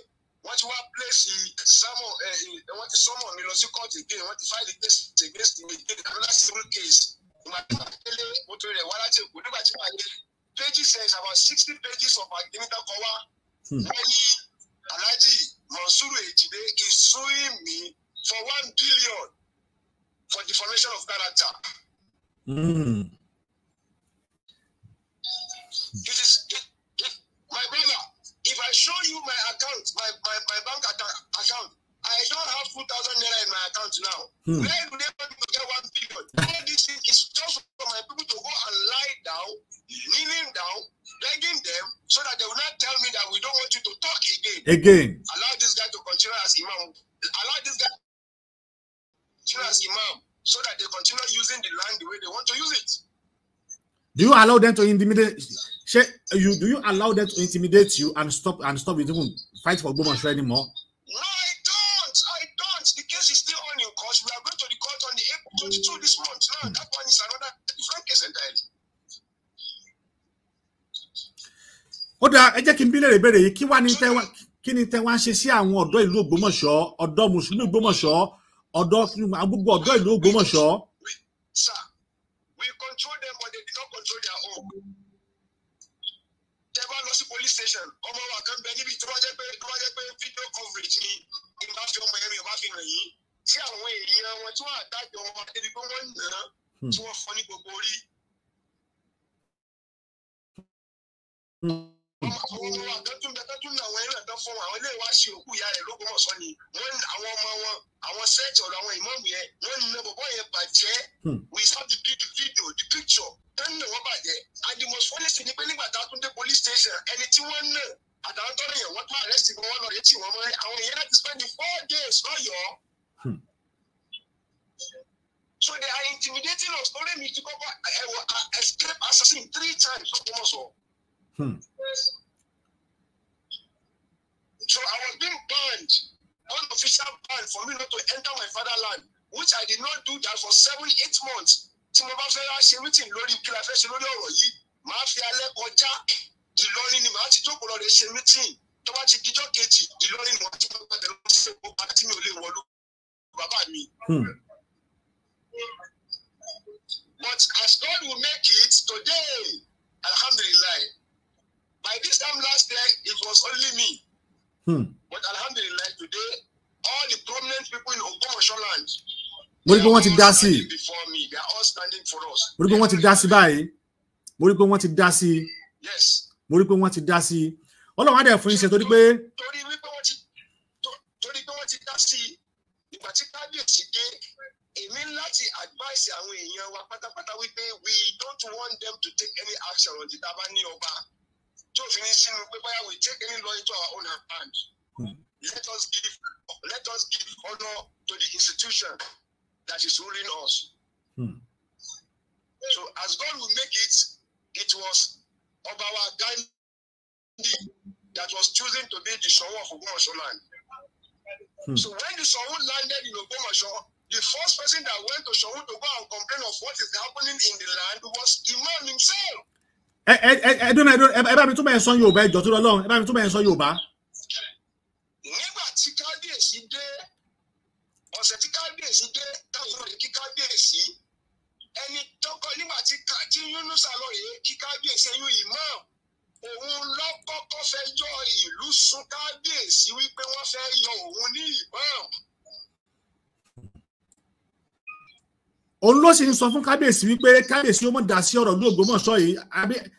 B: What ti wá pílẹ̀sì Someone, eh, wọ́n ti sọ́mọ̀ mi lọ sí kóòtù again wọ́n ti fáìlì case against me again another civil case ìgbà tí wọ́n délé mo torí rẹ̀ wá láti èkó nígbà tí says about sixty pages of agreement kan wá wọ́n yí Alhaji Monsuru is suing me for one billion for defamation of character.
C: Mm. is
B: my brother. If I show you my account, my my, my bank account, I don't have two thousand naira in my account now. Hmm. Where do they want to get one billion? All this thing is just for my people to go and lie down, kneeling down,
A: begging them, so that they will not tell me that we don't want you to talk again. Again.
B: Allow this guy to continue as imam. Allow this guy to continue as imam, so that they continue using the
A: land the way they want to use it. Do you allow them to intimidate? You do you allow them to intimidate you and stop and stop with even fight for Gomashua anymore? ó dáa ẹ jẹ́ kí n bí léèrè béèrè yìí kí wá ní tẹ́wá kí ni tẹ́wá ń ṣe sí àwọn ọ̀dọ́ ìlú Ògbómọ̀ṣọ́ ọ̀dọ́ mùsùlùmí Ògbómọ̀ṣọ́ ọ̀dọ́ gbogbo ọ̀dọ́ ìlú Ògbómọ̀ṣọ́.
B: tí àwọn èèyàn wọn tí wọ́n àtàjọ wọn débi pé nà án hmm. tí wọ́n fọ́ ní gbogbo orí àwọn ọmọ wa kan the video the picture tán ní wọ́n and the most funny thing ni pé nígbà tá a tún police station ẹni tí wọ́n ná àtàwọn tọ́lá yẹn wọ́n tún àrẹ́sì wọn lọ rẹ́ tì wọ́n mọ́ àwọn èèyàn four days lọ́yọ̀ọ́ hmm. So they are intimidating us. Only me to go back, I will escape three times. Hmm. So I was being banned, unofficial ban for me not to enter my fatherland, which I did not do that for seven, eight months. Tí mo bá fẹ́ wá ṣe meeting lórí kí la fẹ́ ṣe lórí ọ̀rọ̀ yìí, màá fi alẹ́ kọjá Ìlọrin ni màá ti jókòó lọ lè ṣe meeting. Tó bá ti dijọ́ kejì, Ìlọrin ni wọ́n ti máa bẹ̀rẹ̀ lọ́wọ́ sí epo padà tí mi ò lè wọlú bàbá mi. Hmm. But as God will make it today, alhamdulillah, by this time last year, it
C: was only me. Hmm. But alhamdulillah today all the
A: prominent people in Ogbomoso land. Mo rí pé wọ́n ti dá sí i. Before me they are all standing for us. Mo rí pé wọ́n ti dá sí báyìí. Mo rí pé wọ́n ti dá sí Yes. Mo rí pé wọ́n ti dá sí i. Ọlọ́run á dẹ̀ fún iṣẹ́ torí pé. Torí wípé wọ́n ti torí pé wọ́n ti dá sí Ìgbà
B: tí kábíyèsí dé èmi láti advice àwọn èèyàn wa pátápátá wípé we don't want them to take any action on the taba ní ọba. tó finish we take any law into our own hand. Hmm. Let us give
C: let us give honour to the institution that is ruling us. Hmm.
B: So as God will make it, it was our Gandhi that was chosen to be the Showo of Ogbomoso land. Hmm. So when the Showo landed in Ogbomoso, the first person that went to Showo to go and complain of what is happening in the land was Imam himself. ẹ ẹ ẹ dúnà ẹ bá mi túbọ̀ ẹ
A: sọ Yorùbá ìjọ tó lọ́lọ́run ẹ bá mi túbọ̀ ẹ sọ Yorùbá.
B: nígbà tí kábíyèsí dé ọ̀sẹ̀ tí kábíyèsí dé táwọn ọ̀rẹ́ kí kábíyèsí ẹni tọkọ nígbà tí tí Yunusa lọ rèé kí kábíyèsí ẹyún yìí mọ́ òun lọ́kọ́kọ́ fẹ́ yọ ìlú sun kábíyèsí wípé wọ́n fẹ́ yọ òun ní ìbọn.
A: òun ló sì ń sọ fún kábíyèsí wípé kábíyèsí ó mọ̀ dá sí ọ̀rọ̀ ní yìí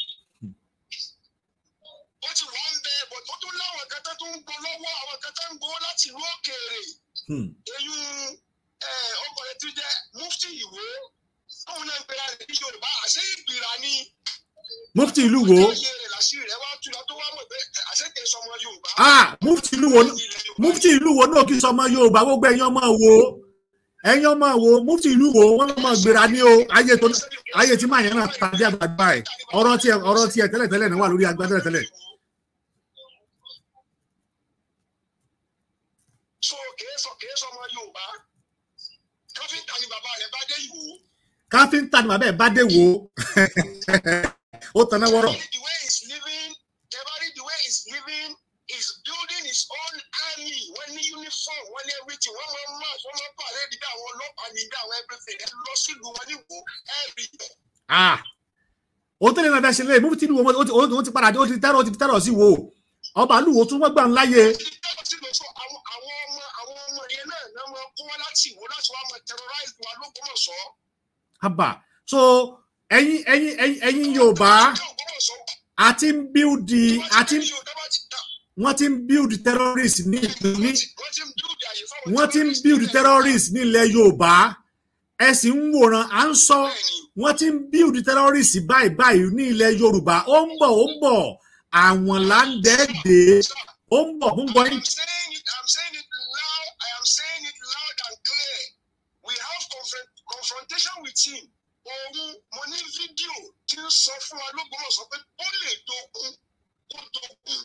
B: fẹ́ wá àwọn kan ń gbowó láti ìlú òkèèrè èyí ọkùnrin tó jẹ́ mufti ìwò táwọn náà ń
A: pera rẹ̀ ní yorùbá àṣẹ ìgbìrà ni. mufti ìlú wo. ah mufti ìlú wo mufti ìlú wo náà kì í sọmọ yorùbá gbogbo ẹ̀yin ọmọ wo ẹ̀yin ọmọ wo mufti ìlú wo wọ́n lọ́mọ gbéra ní o ayé tí máa yẹn náà tàbí àgbàgbà ẹ̀ ọ̀rọ̀ tiẹ̀ tẹ́lẹ̀tẹ́lẹ̀ náà wà lórí àgbà tẹ́lẹ̀tẹ́lẹ̀. sọ kìí sọmọ Yorùbá káfíńtà ni bàbá rẹ̀ bá dé ìwò. káfíńtà ni bàbá rẹ̀ bá dé ìwò ó tanná wọ́rọ̀. the way he's living the way he's living is building his
B: own army wọ́n ní uniform wọ́n ní everything wọ́n máa máa wọ́n máa pàdé dídá àwọn ọlọ́pàá nídá àwọn everything ẹ lọ sílùú wọn níwò
A: ẹ rí i. ó tẹ̀lé náà bẹ́ẹ̀ ṣe lé mú tí ìlú wọn ó ti padà ó ti tẹ́rọ̀ ó ti tẹ́rọ̀ sí wo ọba àlùwò tún wọ́n gbà ń láyé. àwọn so ẹ̀yin ẹ̀yin ẹ̀yin Yorùbá àti ń bíúdi àti wọ́n ti ń bíúdi terrorist ní ìlú wọ́n ti ń bíúdi terrorist ní Yorùbá ẹ sì ń wòran à ń sọ wọ́n ti ń bíúdi terrorist báyìí báyìí ní ilẹ̀ Yorùbá ó ń bọ̀ ó ń bọ̀ àwọn láńdẹ̀ẹ́dẹ́ ó ń bọ̀
C: fún gbọ́yìn. I'm saying it loud I
B: am saying it loud and clear we have confrontation with him òun mo ní fídíò tí ń sọ fún wa lÓgbómọ̀ṣọ́ pé ó lè dogun
C: ó dogun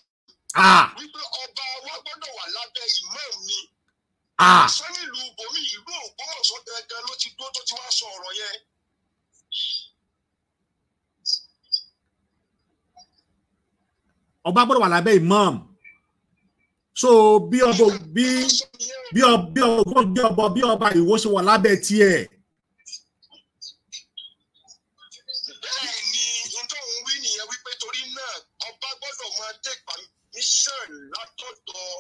C: wípé ọba wa gbọ́dọ̀ wà
B: lábẹ́ ìmọ̀ mi sọ
C: nílùú bomi ìlú Ògbómọ̀ṣọ́
B: gangan ló ti dúró tó ti wá sọ ọ̀rọ̀ yẹn.
A: ọba gbọ́dọ̀ wà lábẹ́ imam so bí ọba bí bí ọba bí ọba bí ọba ìwó ṣe wà lábẹ́ tiẹ̀.
B: mission látọ̀dọ̀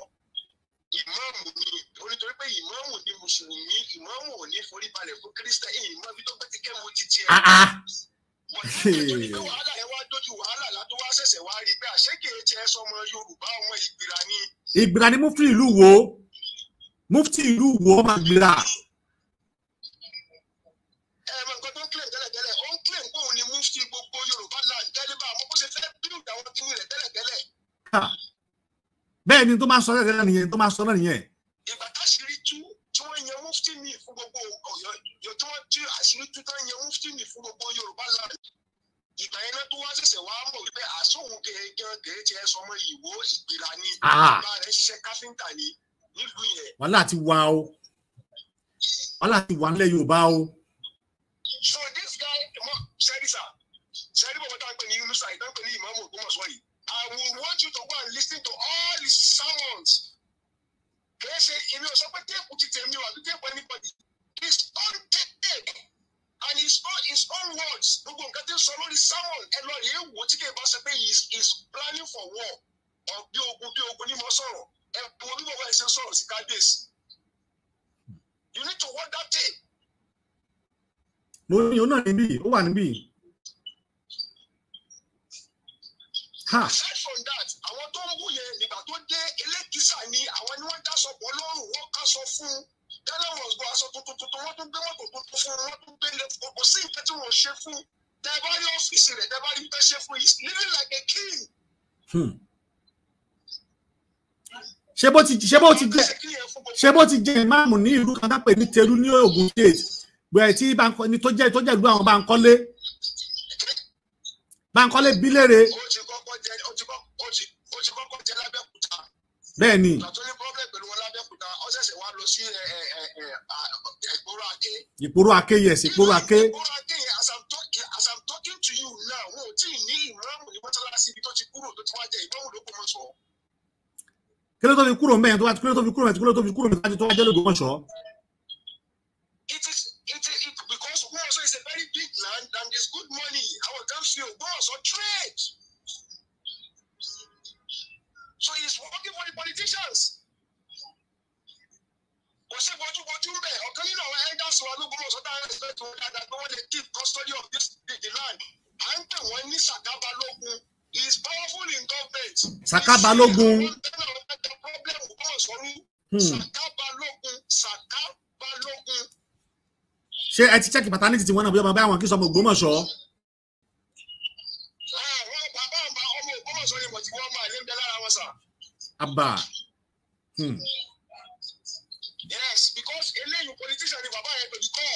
B: ìmáàmù ni onítorí pé ìmáàmù ni
C: mùsùlùmí ìmáàmù ò ní forí balẹ̀ fún kírísítà ìmáàmù tó bá ti kẹ́ mo ti tiẹ̀. wàhálà yẹn wá dójú wàhálà látó wá ṣẹ̀ṣẹ̀ wá rí pé àṣé
A: kìí tiẹ̀ sọmọ Yorùbá ọmọ ni. mufti ìlú wo mufti ìlú wo ọmọ ìgbìrà. bẹ́ẹ̀ ni tó máa sọ náà nìyẹn tó máa sọ náà nìyẹn tí wọ́n tí àṣírí tú tán yẹn mufti ní fún gbogbo
C: Yorùbá láàrin ìgbà yẹn tó wá ṣẹ̀ṣẹ̀ wá mọ̀ wípé àsóhun gẹ̀ẹ́gẹ́ gẹ̀ẹ́jẹ sọmọ ìwò ìgbéra ni bàbá
A: rẹ̀ ṣiṣẹ́ káfíńtà ni nílùú yẹn. wàhálà ti wà o wàhálà ti wà nílẹ̀ Yorùbá o.
B: so this guy mo sẹ́rí sà sẹ́rí bàbá tá à ń pè ní Yunusa ìtàn pè ní ìmáàmù Ògbómọ̀ṣọ́ yìí I will want you to go and listen to all his sermons kì í ṣe èmi ò sọ pé téèpù ti tẹ̀ mí o àbí téèpù anybody his own technique and his own his own words gbogbo nǹkan tí ń sọ lórí sermon ẹ lọ rèé wò tí kì í bá ṣe pé he is planning for war or bí ogun bí ogun ni mo sọ̀rọ̀ ẹ wo bí bàbá yìí ṣe sọ̀rọ̀ sí kábíyèsí you need to watch that day.
A: mo ní òun náà níbí ó wà níbí.
B: aside from that àwọn tó ń wúyẹ nígbà tó dé elékìsà ni àwọn ni wọ́n dá sọ pọ̀ lọ́rùn wọ́n ká sọ fún un gálàwọ̀n gbọ́ aṣọ tuntun tuntun wọ́n tún gbé mọ́tò tuntun fún wọn tún gbé ilé kò sí nǹkan tí wọ́n ṣe fún tẹ́ẹ̀bá rí ọ́fíìsì rẹ̀ tẹ́ẹ̀bá rí tẹ́ ṣe fún he's living
C: like a king. Hmm.
A: ṣé bó ti ṣé bó ti jẹ ṣé bó ti jẹ ìmáàmù ní ìlú kan tápẹ̀ ní Tẹ̀rù ní Ògùn state bẹ̀rẹ̀ tí tó jẹ́ tó jẹ́ ìlú àwọn Bánkọ́lé Bánkọ́lé bílẹ̀rẹ̀. ó ti kọ́kọ́ jẹ ó ti kọ́kọ́ jẹ lábẹ́ bẹ́ẹ̀ ni. ìgbà ake. ìgboro ake ake. ìgboro ake
B: tó ti kúrò tó ti
A: kí ló tó fi kúrò mẹ́yìn kí ló tó fi kúrò mẹ́yìn tó fi jẹ́ lÓgbómọ̀ṣọ́.
B: it is it is it is a very big land and there is good money our country Ògbómọ̀ṣọ́ trade. So he's working for the politicians. Kò ṣe bójúbójú rẹ̀, ọ̀kan nínú àwọn elders wa ló gbọ́dọ̀ sọ́dá respect wọn dáadáa pé wọ́n lè keep custody of this the land.
A: À ń tẹ̀ wọ́n ní Sàkábà lógun. He is powerful in government. Sàkábà lógun. Sàkábà lógun. Sàkábà lógun. Ṣé ẹ ti ṣẹ́kì pàtàkì tí wọ́n náà bí ọmọ bá àwọn kí sọmọ Ògbómọ̀ṣọ́? mọ̀ sọ́ni bọ̀ tí wọ́n máa lé ń bẹ lára wọn sà. àbá.
C: Hmm.
B: yes because eléyìí politician ni bàbá yẹn lòdì kọ́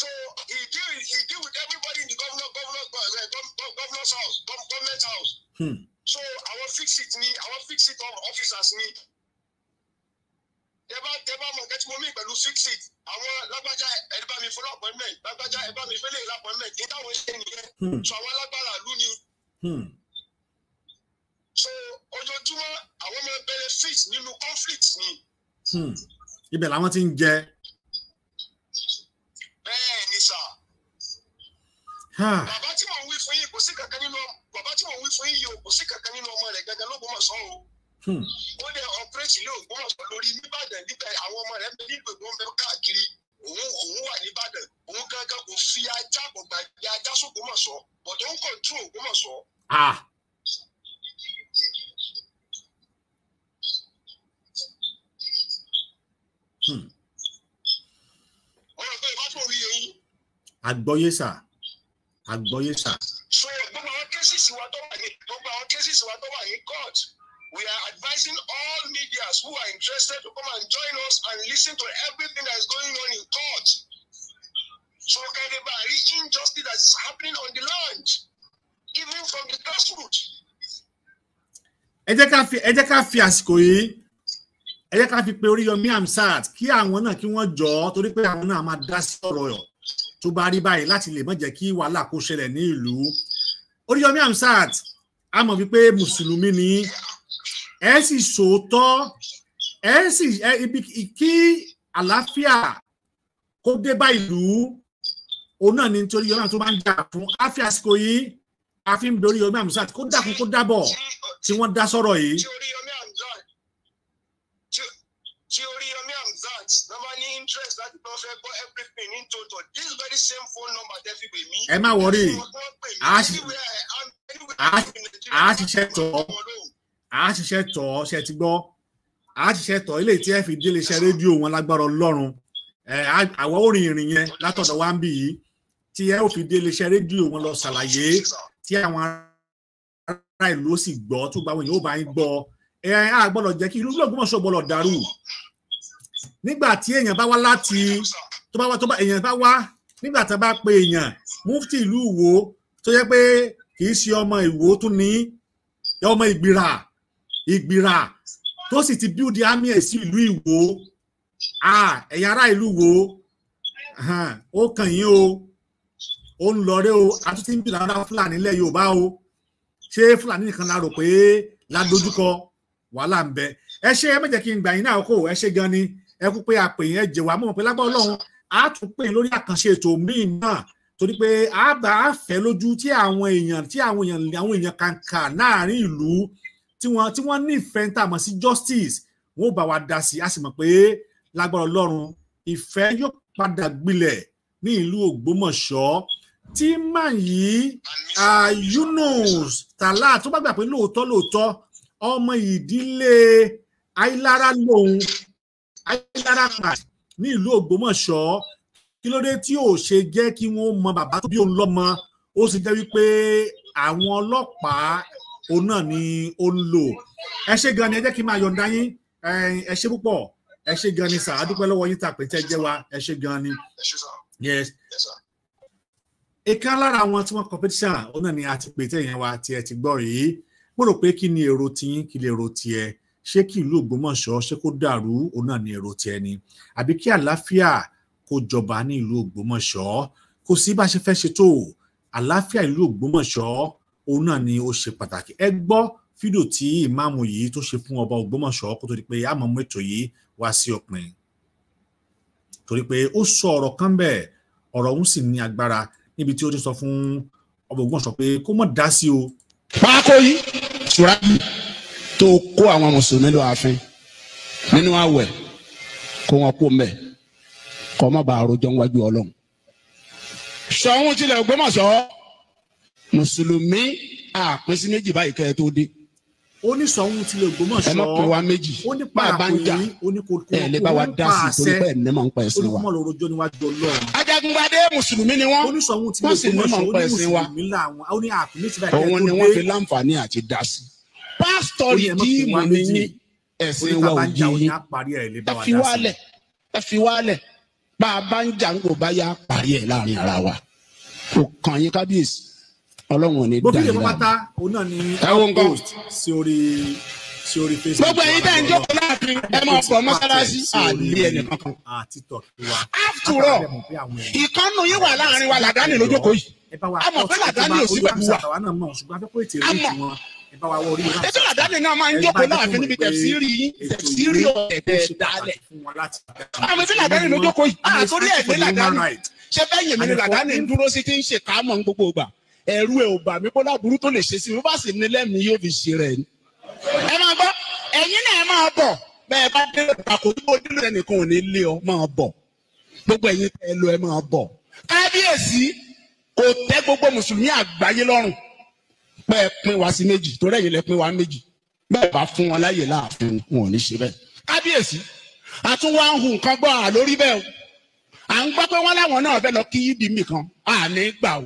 B: so he deal he deal with everybody in the governor governor uh, uh governor's house government house. Hmm. so àwọn fix it ni àwọn fix it officers ni tẹ́bá tẹ́bá mọ̀ kẹ́tí mo mí pẹ̀lú six six àwọn lágbájá ẹ̀ẹ́dẹ́bàmí fún appointment lágbájá ẹ̀ẹ́dẹ́bàmí fẹ́lẹ̀ appointment ní táwọn ṣe nìyẹn hmm. sọ àwọn alágbára lù ní Hmm. so ojoojúmọ́ àwọn máa benefit nínú conflict ni.
A: Hmm. ibẹ̀ làwọn ti ń jẹ.
B: bẹ́ẹ̀ ni sà. bàbá tí mò ń wí fún yín kò sí kankan nínú bàbá tí mò ń wí fún yín yìí kò sí kankan nínú ọmọ rẹ̀ gangan lÓgbómọ̀ṣọ́ o hmm. ó lè ọpẹrẹsì ní Ògbómọ̀ṣọ́ lórí nìbàdàn níbẹ̀ àwọn ọmọ rẹ̀ ń bẹ nílùú Èkó ń bẹ káàkiri òun òun wà nìbàdàn òun gángan kò fi ajá kò gbàgbé ajá s'Ògbómọ̀ṣọ́ bọ̀dọ̀ ń kọ̀ńtú Ògbómọ̀ṣọ́. Ah.
A: ọ̀rọ̀ pé ìbá tó rí sà àgbọ́yé sà.
B: so gbogbo àwọn cases wa tó wà ní gbogbo àwọn cases wa tó wà ní court we are advising all medias who are interested to come and join us and listen to everything that is going on in court so kẹ́ni bá rí injustice that is happening on the land even from the
A: grassroots. ẹ jẹ́ ká fi ẹ jẹ́ ká fi àsìkò yìí ẹ jẹ́ ká fi pe Oríyọmí Hamzat kí àwọn náà kí wọ́n jọ ọ́ torí pé àwọn náà máa dá sí ọ̀rọ̀ ọ̀ tó bá rí báyìí láti lè má jẹ́ kí wàhálà kó ṣẹlẹ̀ ní ìlú Oríyọmí Hamzat a mọ̀ wípé mùsùlùmí ni ẹ sì sòótọ́ ẹ sì ibi kí àlàáfíà kó dé bá ìlú òun náà ni nítorí Oríyọmí tó bá ń jà fún àfi yìí a fi ń dorí Yomi Amzat kó dákun kó dábọ̀ tí wọ́n dá sọ̀rọ̀ yìí.
B: tí orí Yomi Amzat ló bá ní interest láti bá fẹ́ gbọ́ everything in total
A: this very same phone number tẹ́ fi pè mí. ẹ má wọrí a ṣiṣẹ́ tọ́ a ṣiṣẹ́ tọ́ ṣe ti gbọ́ a ṣiṣẹ́ tọ́ ilé tí ẹ fi délé iṣẹ́ rédíò wọn lágbára Ọlọ́run àwọn orin ìrìn yẹn látọ̀dọ̀ wa ń bì yìí tí ẹ ò fi délé iṣẹ́ rédíò wọn lọ ṣàlàyé tí àwọn ará ìlú ó sì gbọ́ tó gba àwọn èèyàn ó bá yín gbọ́ ẹ á gbọ́dọ̀ jẹ́ kí ìlú Ògbómọ̀ṣọ́ gbọ́dọ̀ dàrú nígbà tí èèyàn bá wá láti tó bá wá tó bá èèyàn bá wá nígbà tá a bá pe èèyàn mufti ìlú Ìwó tó yẹ pé kì í ṣe ọmọ Ìwó tó ní ọmọ Ìgbìrà Ìgbìrà tó sì ti build army ẹ̀ sí ìlú Ìwó ẹ̀yà ará ìlú Ìwó ó kàn yín o ó ń lọ rẹ o àtúntí ń bìlà ńlá fúlàní ilẹ̀ yorùbá o ṣé fúlàní nìkan la rò pé ládojúkọ wàhálà ń bẹ ẹ ṣe ẹ mẹjẹ kí n gbà yín náà kó ẹ ṣe gan ni ẹ kú pé àpè yín ẹ jẹ wàá mọ̀ pé lágbá ọlọ́run á tún pè lórí àkànṣe ètò míì náà torí pé á bá a fẹ́ lójú tí àwọn èèyàn tí àwọn èèyàn àwọn èèyàn kàǹkà láàrin ìlú tí wọ́n tí wọ́n nífẹ̀ẹ́ tá a mọ̀ sí justice wọn ò bá wa dá sí i a sì mọ̀ pé lágbára ọlọ́run ìfẹ́ yóò padà gbilẹ̀ ní ìlú ògbómọ̀ṣọ́ tí màn yìí Yunus Tàlá tó bá gbà pé lóòótọ́ lóòótọ́ ọmọ ìdílé Ayílára lòun Ayílára pàt ní ìlú Ògbómọ̀ṣọ́ kí ló dé tí ò ṣe jẹ́ kí wọ́n mọ bàbá tó bí òun lọ́mọ ó sì jẹ́ wípé àwọn ọlọ́pàá òun náà ni ó ń lò ẹ ṣé gan ni ẹ jẹ́ kí n máa yọ̀ǹda yín ẹ ṣé púpọ̀ ẹ ṣé gan ni sà á dúpẹ́ lọ́wọ́ yín tàpé tẹ́ wa ẹ ṣé gan ni. yes ìkan lára àwọn tí wọ́n competition ọ̀nà ni a ti pè tẹ̀yìn wa tiẹ̀ ti gbọ́ yìí mo rò pé kí ni èrò tiyín kí lè èrò tiẹ̀ ṣé kí ìlú Ògbómọ̀ṣọ́ ṣé kó dàrú ọ̀nà ni èrò tiẹ̀ ni àbí kí àlàáfíà kó jọba ní ìlú Ògbómọ̀ṣọ́ kò sí bá ṣe fẹ́ ṣe tó àlàáfíà ìlú Ògbómọ̀ṣọ́ òun ni ó ṣe pàtàkì ẹ gbọ́ fídíò tí ìmáàmù yìí tó ṣe fún ọba Ògbómọ̀ṣọ́ kó ọ̀rọ̀ ọ̀hún sì ní agbára níbi tí ó ti sọ fún ọba Ògbómọ̀ṣọ́ pé kó mọ̀ dá sí o. pákó yìí ṣùgbọ́n tó
B: kó àwọn mùsùlùmí lọ ààfin nínú àwẹ̀ kó wọn kó mbẹ kó má bàa rojọ́ wájú ọlọ́run. sọ̀hún tilẹ̀ Ògbómọ̀ṣọ́ mùsùlùmí àpínsí méjì báyìí kẹ́ ẹ tó dé ó ní sọ̀hún tilẹ̀
A: Ògbómọ̀ṣọ́ ẹ má pè wá méjì ó ní pàápàá ó ní kò kó ẹ bá wa dá sí torí pé ẹ̀nẹ́ máa ń pa ẹ̀sìn wa olùkọ́ lọ́rọ̀ jọ níwájú Ọlọ́run.
B: Ajagungbadé mùsùlùmí ni wọ́n ó ní sọ̀hún tilẹ̀ Ògbómọ̀ṣọ́ ó ní mùsùlùmí
A: làwọn ó ní àkùnrin tí báyìí òun ni wọ́n fi
B: láǹfààní àti dá sí.
A: pásítọ̀ rìdíìmù ni
B: ẹ̀sìn wa ò yí
A: ẹ fi wálẹ̀ ẹ fi wálẹ̀
B: bá a bá ń jà ń gò bá yá parí ẹ̀ láàrin ara wa kò kàn yín kábíyèsí ọlọ́run ní dáadáa. bófin ìfọwọ́ ta
A: òun náà sí orí sí orí facebook. gbogbo ẹ̀yin tẹ́ ń jókòó láàfin ẹ máa pọ̀ mọ́sálásí àlè ẹnìkan kan. after all
B: ìkànnù yìí wà láàrin wa làdáni lójókòó yìí
A: àmọ́ pé làdáni ò sí pẹ̀lú wa àmọ́ ètò àdáni náà máa ń jókòó láàfin níbi tẹ̀síìrì yín tẹ̀síìrì ọ̀tẹ̀ dálẹ̀ àmọ́ ètò àdáni ló jókòó yìí àtòrí ẹ̀ ní làdáni
B: ṣé bẹ́ẹ̀ yẹn mi ni làdáni dúró sí ti ń ṣe káàmọ̀ gbogbo ìgbà ẹ̀rù ẹ̀ ò bà mí bọ́lá burú tó lè ṣe sí mi bá sì ní lẹ́mìí yóò fi ṣe rẹ̀ ni. ẹ máa bọ́ ẹ̀yin náà ẹ máa bọ̀ bẹ́ẹ̀ bá dé àkókò tó dé ẹnìkan ò ní lé ọ máa bọ̀ gbogbo ẹ̀yin tẹ́ ẹ lọ ẹ máa bọ̀. kábíyèsí kò tẹ́ gbogbo mùsùlùmí àgbáyé lọ́rùn pé ẹ pín wa sí méjì torí ẹ̀yin lẹ pín wa méjì bẹ́ẹ̀ bá fún wọn láyè láàfin wọn ò ní ṣe bẹ́ẹ̀. kábíyèsí àtúnwá ń hu nǹkan gbọ́ àlórí bẹ́ẹ̀ o à ń gbọ́ pé wọ́n láwọn náà fẹ́ lọ kí yídìí mì kan à ní gbà o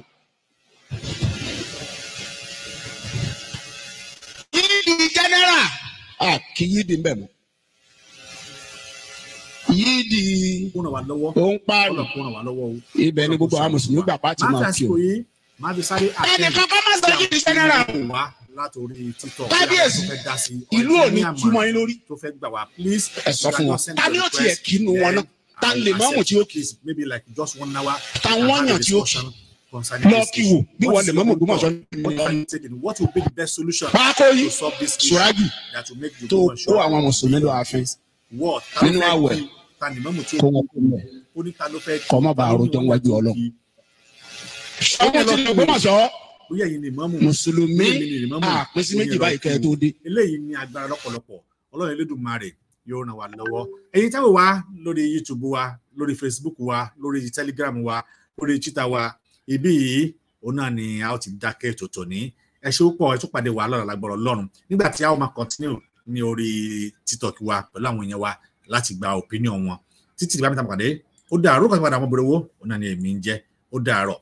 A: general
B: kì í di mbẹ mọ́ yìí di
A: òun parí ibẹ̀ ni gbogbo àwọn mùsùlùmí gbà pàtì máa fi o. ẹnìkan kọ́ máa sọ yìí di general kábíyèsí ìlú òní túmọ̀ yín lórí ẹ sọ fún wọn tani ó tiẹ̀ kínú wọn náà ta lè mọ́mù tí ó kì í táwọn yàn tí ó kì í
C: lọ kí wò bí wọn lè mọ́mọ́ ògbómọ̀ṣọ́
A: ní. what will be the best solution. pákóyí suragi tó kó
B: àwọn mùsùlùmí lọ ààfin
A: nínú àwẹ̀ kó wọn kó mọ̀ kọ́ mọ́
B: bá àròjọ wájú ọlọ.
A: ọmọ tí lè gbọ́mọ̀ṣọ́ mùsùlùmí àpèsè méjì báyìí kẹ́ ẹ tó dé. eléyìí ni agbára lọ́pọ̀lọpọ̀ ọlọ́run elédùnmarè yóò ràn wá lọ́wọ́ ẹ̀yin táwọn wá lórí youtube wa lórí facebook wa lórí telegram wa lórí twitter wa Ibi, yìí òun náà ni a ó ti dákẹ́ tòótọ́ ní ẹ ṣe púpọ̀ ẹ tún pàdé wa lọ́la lágbọ́rọ̀ lọ́run nígbà tí a ó máa continue ní orí TikTok wa pẹ̀lú àwọn èèyàn wa láti gba opinion wọn títí ìgbà mẹ́ta pàdé ó dàárọ̀ kan padà àwọn obìnrin wo òun náà ni èmi ń jẹ́ ó dàárọ̀.